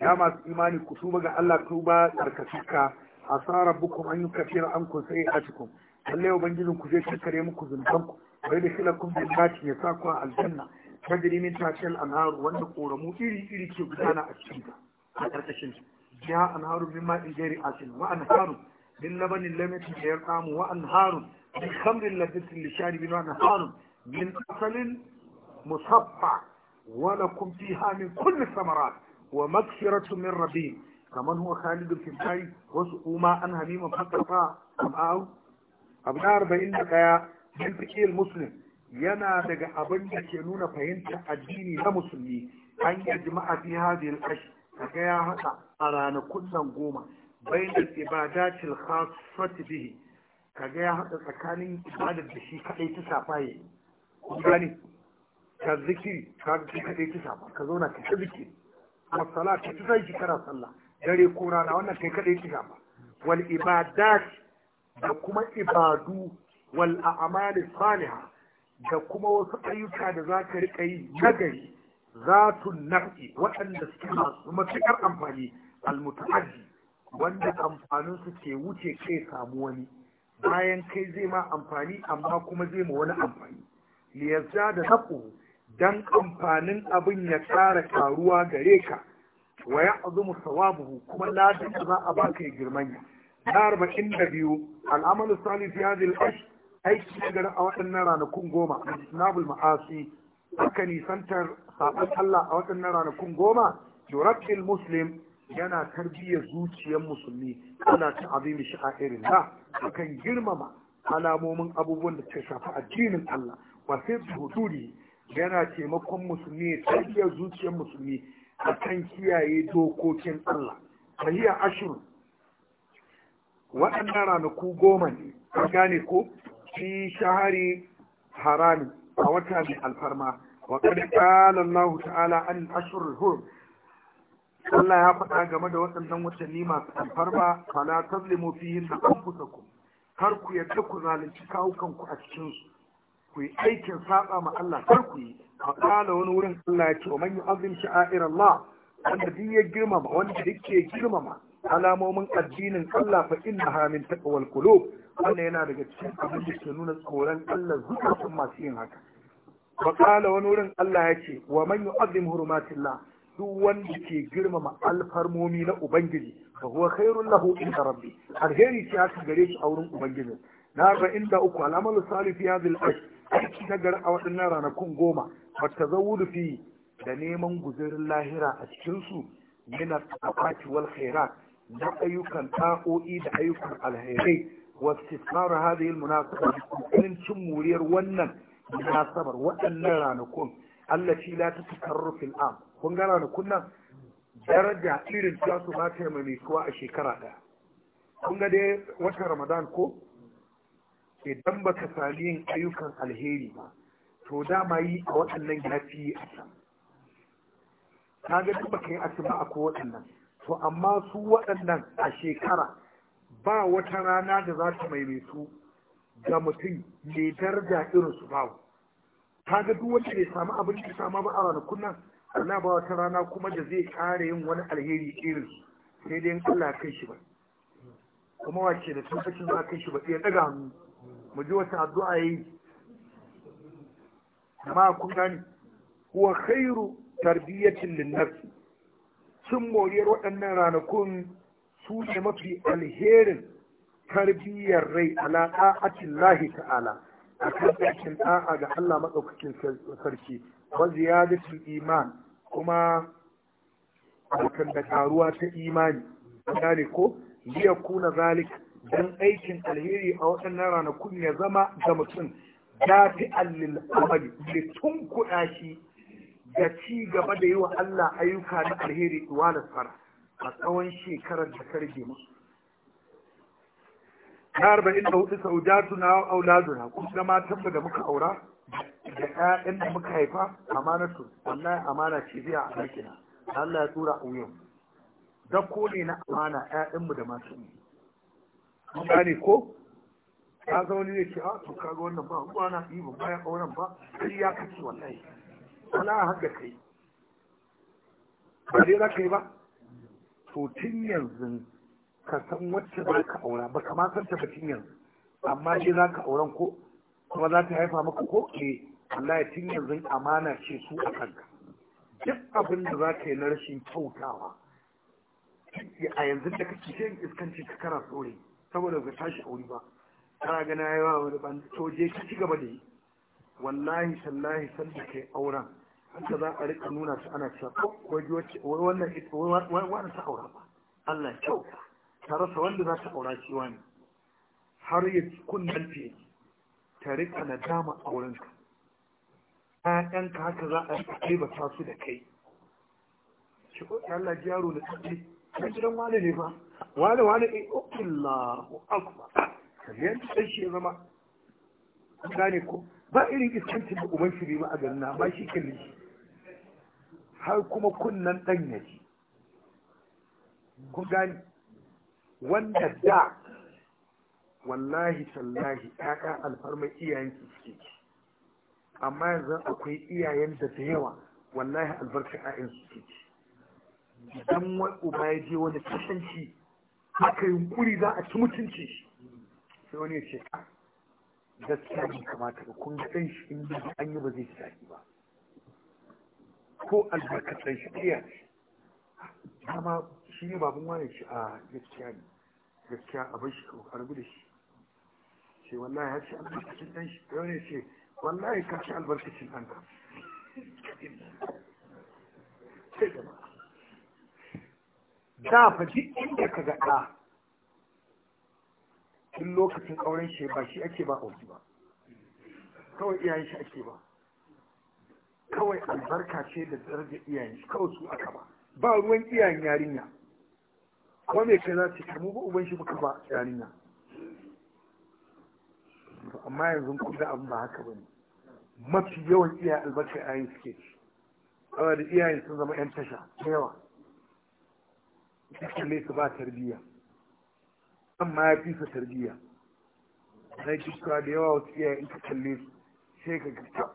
S1: ya masu imani ku tuba ga Allah tuba tsarkakakka asa rabbukum an yi yukaffira a sayi'atikum lalle ubangijin ku zai kankare muku zunuban ku bai da shilakum jannatin ya sa ku aljanna tajri min tahtiha al-anhar wanda koramu iri iri ke gudana a cikin ta a karkashin ya anharu min ma'in jari asin wa anharu min labanin ya yatayaqamu wa anharu min khamrin ladatun lisharibin wa anharu min asalin musaffa kun fi من كل الثمرات wa maghfiratu min rabbi kaman huwa khalidun fil nari wasu kuma an hamima faqafa am'au abu na arba'in da ɗaya min fiqil muslim yana daga abin da ke nuna fahimtar addini na musulmi an yi jima'a fi hadhihi al-ash kaga ya haɗa a ranakun nan goma bayan ibadatil khassati bihi kaga ya haɗa tsakanin ibadar da shi kaɗai ta safa ya yi kun gane ka zikiri ka zikiri kaɗai ta safa ka zauna ka ta zikiri wasala ta ci zai kana sallah dare ko rana wannan kai kadai ki gaba wal ibadat da kuma ibadu wal a'mal salihah da kuma wasu ayyuka da za ka rika yi nagari tu nafi waɗanda suke masu matuƙar amfani almuta'addi wanda amfanin su ke wuce kai samu wani bayan kai zai ma amfani amma kuma zai ma wani amfani liyazza da nafu dan amfanin abin ya ƙara karuwa gare ka wa ya azumu sawabuhu kuma ladan da za a baka ya girmanya na arba'in da biyu al'amalu salis ya zil ash aiki na gari a waɗannan ranakun goma nabul ma'asi aka nisantar sabon allah a waɗannan ranakun goma yurabbil muslim yana tarbiyyar zuciyar musulmi ana ta azimi sha'irin da akan girmama alamomin abubuwan da ta shafi addinin allah wa sai huduri yana taimakon musulmi ya iya zuciyar musulmi a kan kiyaye dokokin Allah a ashir waɗannan ranaku goma ne ka gane ko fi shahari harami a wata mai alfarma Waƙar kada Allah ta'ala an ashur hur Allah ya faɗa game da waɗannan watanni masu alfarma fala tazlimu fihin da ku, kar ku yadda ku zalunci kawukanku a cikinsu ku yi aikin saba ma Allah kar ku yi faƙala wani wurin Allah ya ce wa man yu'azzim sha'air Allah wanda duk ya girmama wanda yake girmama alamomin addinin Allah fa innaha min taqwal qulub wannan yana daga cikin abin da ke nuna tsoron Allah zukatan masu yin haka faƙala wani wurin Allah ya ce wa man yu'azzim hurumatillah duk wanda ke girmama alfarmomi na ubangiji fa huwa khairul lahu inda rabbi alheri ce haka gare shi a wurin ubangiji na ga inda uku al'amalu salih ya hadhihi aiki ta gari a waɗannan ranakun goma ta zawudu fi da neman guzurin lahira a cikinsu yana tsakaki wal khaira na ayyukan ta'o'i da ayyukan alhairai wasu tsara hada yin munasaba kusurin cin muriyar wannan munasabar waɗannan ranakun Allah shi la ta tukarrufin am kun ga ranakun nan daraja irin tasu ba ta yi a shekara ɗaya kun ga dai watan ramadan ko idan ba ka sami yin ayyukan alheri ba to dama yi a waɗannan yafi a can Ta ga duk baka yi a a ko waɗannan to amma su waɗannan a shekara ba wata rana da za ta su ga mutum mai daraja irin su babu Ta ga duk wanda bai samu abin da sama ba a ranakun nan Allah ba wata rana kuma da zai ƙara yin wani alheri irin su sai dai in Allah kai shi ba kuma wace da tun za kai shi ba iya ɗaga hannu mu ji wata addu'a yi. amma kun gani huwa khairu tarbiyatin linnas cin moriyar waɗannan ranakun su ne mafi alherin tarbiyyar rai ala ta'atin lahi ta'ala a kan ɗakin ɗa'a ga Allah maɗaukakin sarki wa ziyadatul iman kuma akan da karuwa ta imani gane ko liya kuna zalika don aikin alheri a waɗannan ranakun ya zama ga mutum dafi allil amali da tun kuɗa shi da ci gaba da yi wa Allah ayyuka na alheri iwala fara a tsawon shekarar da ta rage mu. Na arba'in da hudu saudatuna wa auladuna kun da matan da muka aura da ƴaƴan da muka haifa amma wallahi amana ce biya a harkina Allah ya tura a wuyan. Dakko ne na amana ƴaƴanmu da matanmu. ne, ko ka zama ne ce a ah, to kaga wannan ba ruwa na yi ban bayan auren ba kai ya kace wallahi wala haka kai ba dai za ka yi ba to tun yanzu ka san wacce za ka aura ba kama san ta tun yanzu amma dai za ka auren ko kuma za ta haifa maka ko eh Allah ya tun yanzu amana ce su a kanka duk abin da za ka yi na rashin kyautawa a yanzu da kake yin iskanci ka kara tsore saboda ba tashi a wuri ba kana ga yawa wani ban to je ka ci gaba da yi wallahi sallahi sanda kai auren haka za a rika nuna su ana cewa ko oh, wannan wani ta aura ba Allah ya kyauta ta rasa wanda za ta aura shi wani har ya kunnan fiye ta rika nadama aurenka ‘ya'yanka haka za a ba su da kai. Shi Allah ji yaro na tsaye kan gidan wani ne fa wani wani ne eh, oh, Allahu akbar kamar sai shi zama gane ko ba irin iskancin da uban shi ba a garin na ba shi kalli shi har kuma kunnan dan ya ji kun gane wanda da wallahi sallahi, ƴaƴa alfarmar iyayen su suke ci amma yanzu akwai iyayen da da yawa wallahi albarka ƴaƴan su suke ci idan wani uba ya je wani kashanci aka kuri za a ci mutunci shi sai wani ya ce ah, gaskiya ne kamata ba kun ga shi in da an yi ba zai ci ba ko albarkatan shi shi ah, dama shi ne babin wani shi a ah, gaskiya ne gaskiya a bai shi a rabu da shi ce wallahi ya ce albarkacin ɗan shi ɗaya ne ce wallahi ka shi albarkacin ɗanka sai gaba da duk inda ka ga ɗa tun lokacin auren shi ba shi ake ba auki ba kawai iyayen shi ake ba kawai albarka ce da zarge iyayen shi kawai su aka ba ba ruwan iyayen yarinya ko me kai za ta kamu ba uban shi muka ba yarinya amma yanzu kun ga abin ba haka ba ne mafi yawan iyayen albarka yayin suke ci da iyayen sun zama yan tasha da yawa ya su ba tarbiyya amma ya fi su tarbiyya na jikwa da yawa wasu iyaye in ka kalle su sai ka gata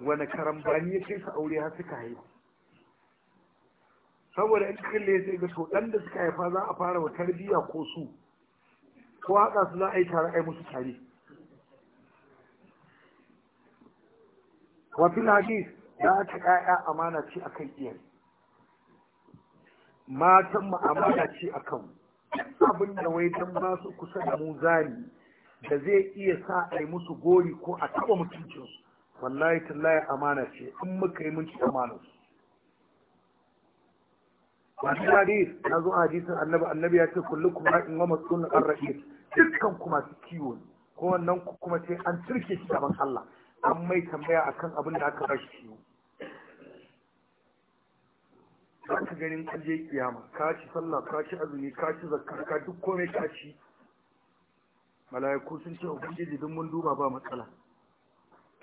S1: wani karambani ya kai su aure har suka haifa saboda in ka kalle sai ga to da suka haifa za a fara wa tarbiyya ko su ko haɗa su za a yi tare a yi musu tare wafin hadis da aka ƴaƴa amana ce akan iyaye matan mu amana ce a kan abin da wai dan ba su kusa da mu zani da zai iya sa a yi musu gori ko a taɓa mutuncinsu wallahi tallahi amana ce in muka yi mun ci su na zo hadisin annabi annabi ya ce kuma in wa sunan an ra'is dukkan kuma su kiwo ne ko wannan kuma ce an cirke shi gaban Allah an mai tambaya akan abin da aka bashi kiwo za ka ganin kaje kiyama ka ci sallah ka ci azumi ka ci zakka ka duk komai ka ci mala'iku sun ce ubangiji duk mun duba ba matsala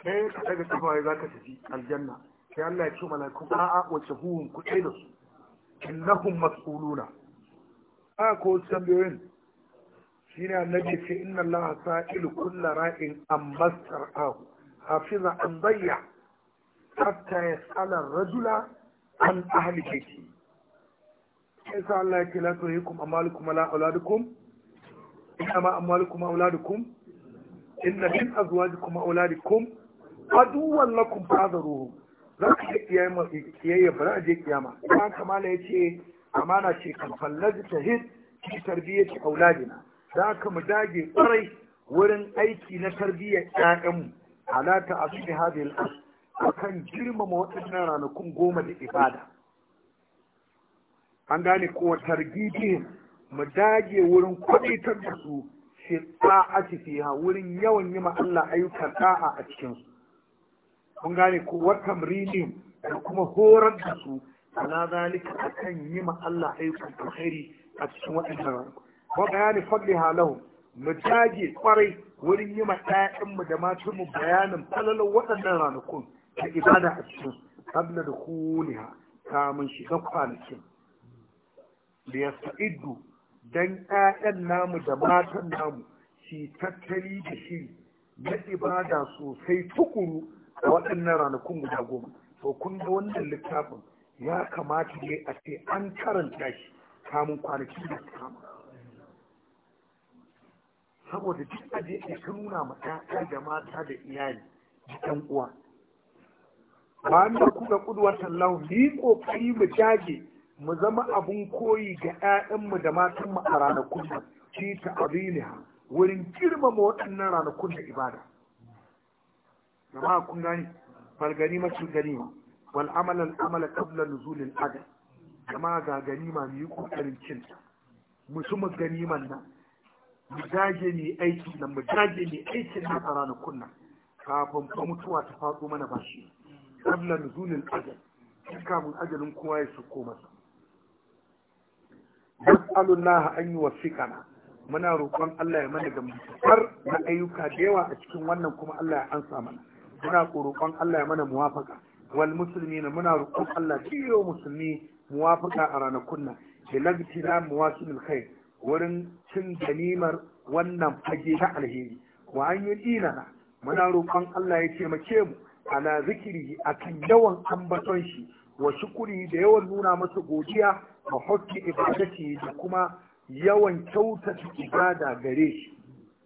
S1: kai ka daga kafawa za ka tafi aljanna sai Allah ya ce mala'iku a'a wace huwun ku da su innahum mas'uluna a ko tambayoyin shine annabi ce inna allah sa'il kulla ra'in an bastar ahu hafiza an bayya hatta yas'ala rajula an ahli shi yasa Allah ya ce la tuhikum amalukum ala auladukum ma amalukum auladukum inna min azwajikum auladikum aduwwan lakum fa'dharuhum za ka yi kiyama kiyayya ba za a je kiyama kan kamala ya ce amana ce kan fallaji ta hid ki tarbiyyar ki auladina za ka mu dage kwarai wurin aiki na tarbiyyar ƴaƴanmu ala ta asli hadhihi al akan girmama waɗannan ranakun goma da ibada an gane kowa targibin mu dage wurin kwaɗaitar da su fi fi ha wurin yawan yi Allah ayyukan ɗa'a a cikinsu kun gane ko wata mrini da kuma horar da su ana zalika akan yi Allah ayyukan alheri a cikin waɗannan wa bayani fadliha lahum mu dage kwarai wurin yi ma mu, da mu, bayanin falalar waɗannan ranakun ta ibada a cikin qabla dukhuliha kamun shiga kwanakin da ya sa'idu dan ƴaƴan namu da matan namu shi tattali da shi na ibada sosai tukuru a waɗannan ranakun guda goma to kun ga wannan littafin ya kamata ne a ce an karanta shi kamun kwanaki da kama saboda duk aje ka nuna ma ƴaƴa da mata da iyali da ɗan uwa ba da kuna kudwatan lahu yi kokari mu jage mu zama abun koyi ga 'ya'yanmu da mu a ranakun nan shi ta azimiha wurin girmama waɗannan ranakun da ibada jama'a kun gani falgani masu ganima wal amal al amala qabla nuzul al ada jama'a ga ganima mu yi kokarin cin mu su mu ganiman nan mu jage ni aiki nan mu jage ni aikin nan a ranakun nan kafin fa mutuwa ta faɗo mana bashi qabla nuzulil ajal kamun ajalin kowa ya suko masa anyi an na. muna roƙon Allah ya mana gamsar na ayyuka da yawa a cikin wannan kuma Allah ya ansa mana muna roƙon Allah ya mana muwafaka wal muslimina muna roƙon Allah biyo musulmi muwafaka a ranakun nan bilagtina muwasilul khair wurin cin ganimar wannan fage ta alheri wa an na, muna roƙon Allah ya taimake mu ana zikiri kan yawan ambaton shi wa shukuri da yawan nuna masa godiya a hokki ibadati da kuma yawan kyautata ibada gare shi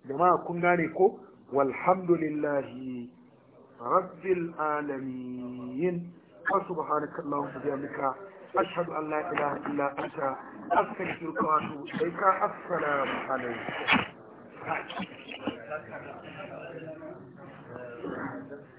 S1: jama'a kun gane ko walhamdulillahi rabbil alamin wa subhanaka allahumma bihamdika ashhadu an la ilaha illa anta astaghfiruka wa atubu ilayka assalamu
S2: alaykum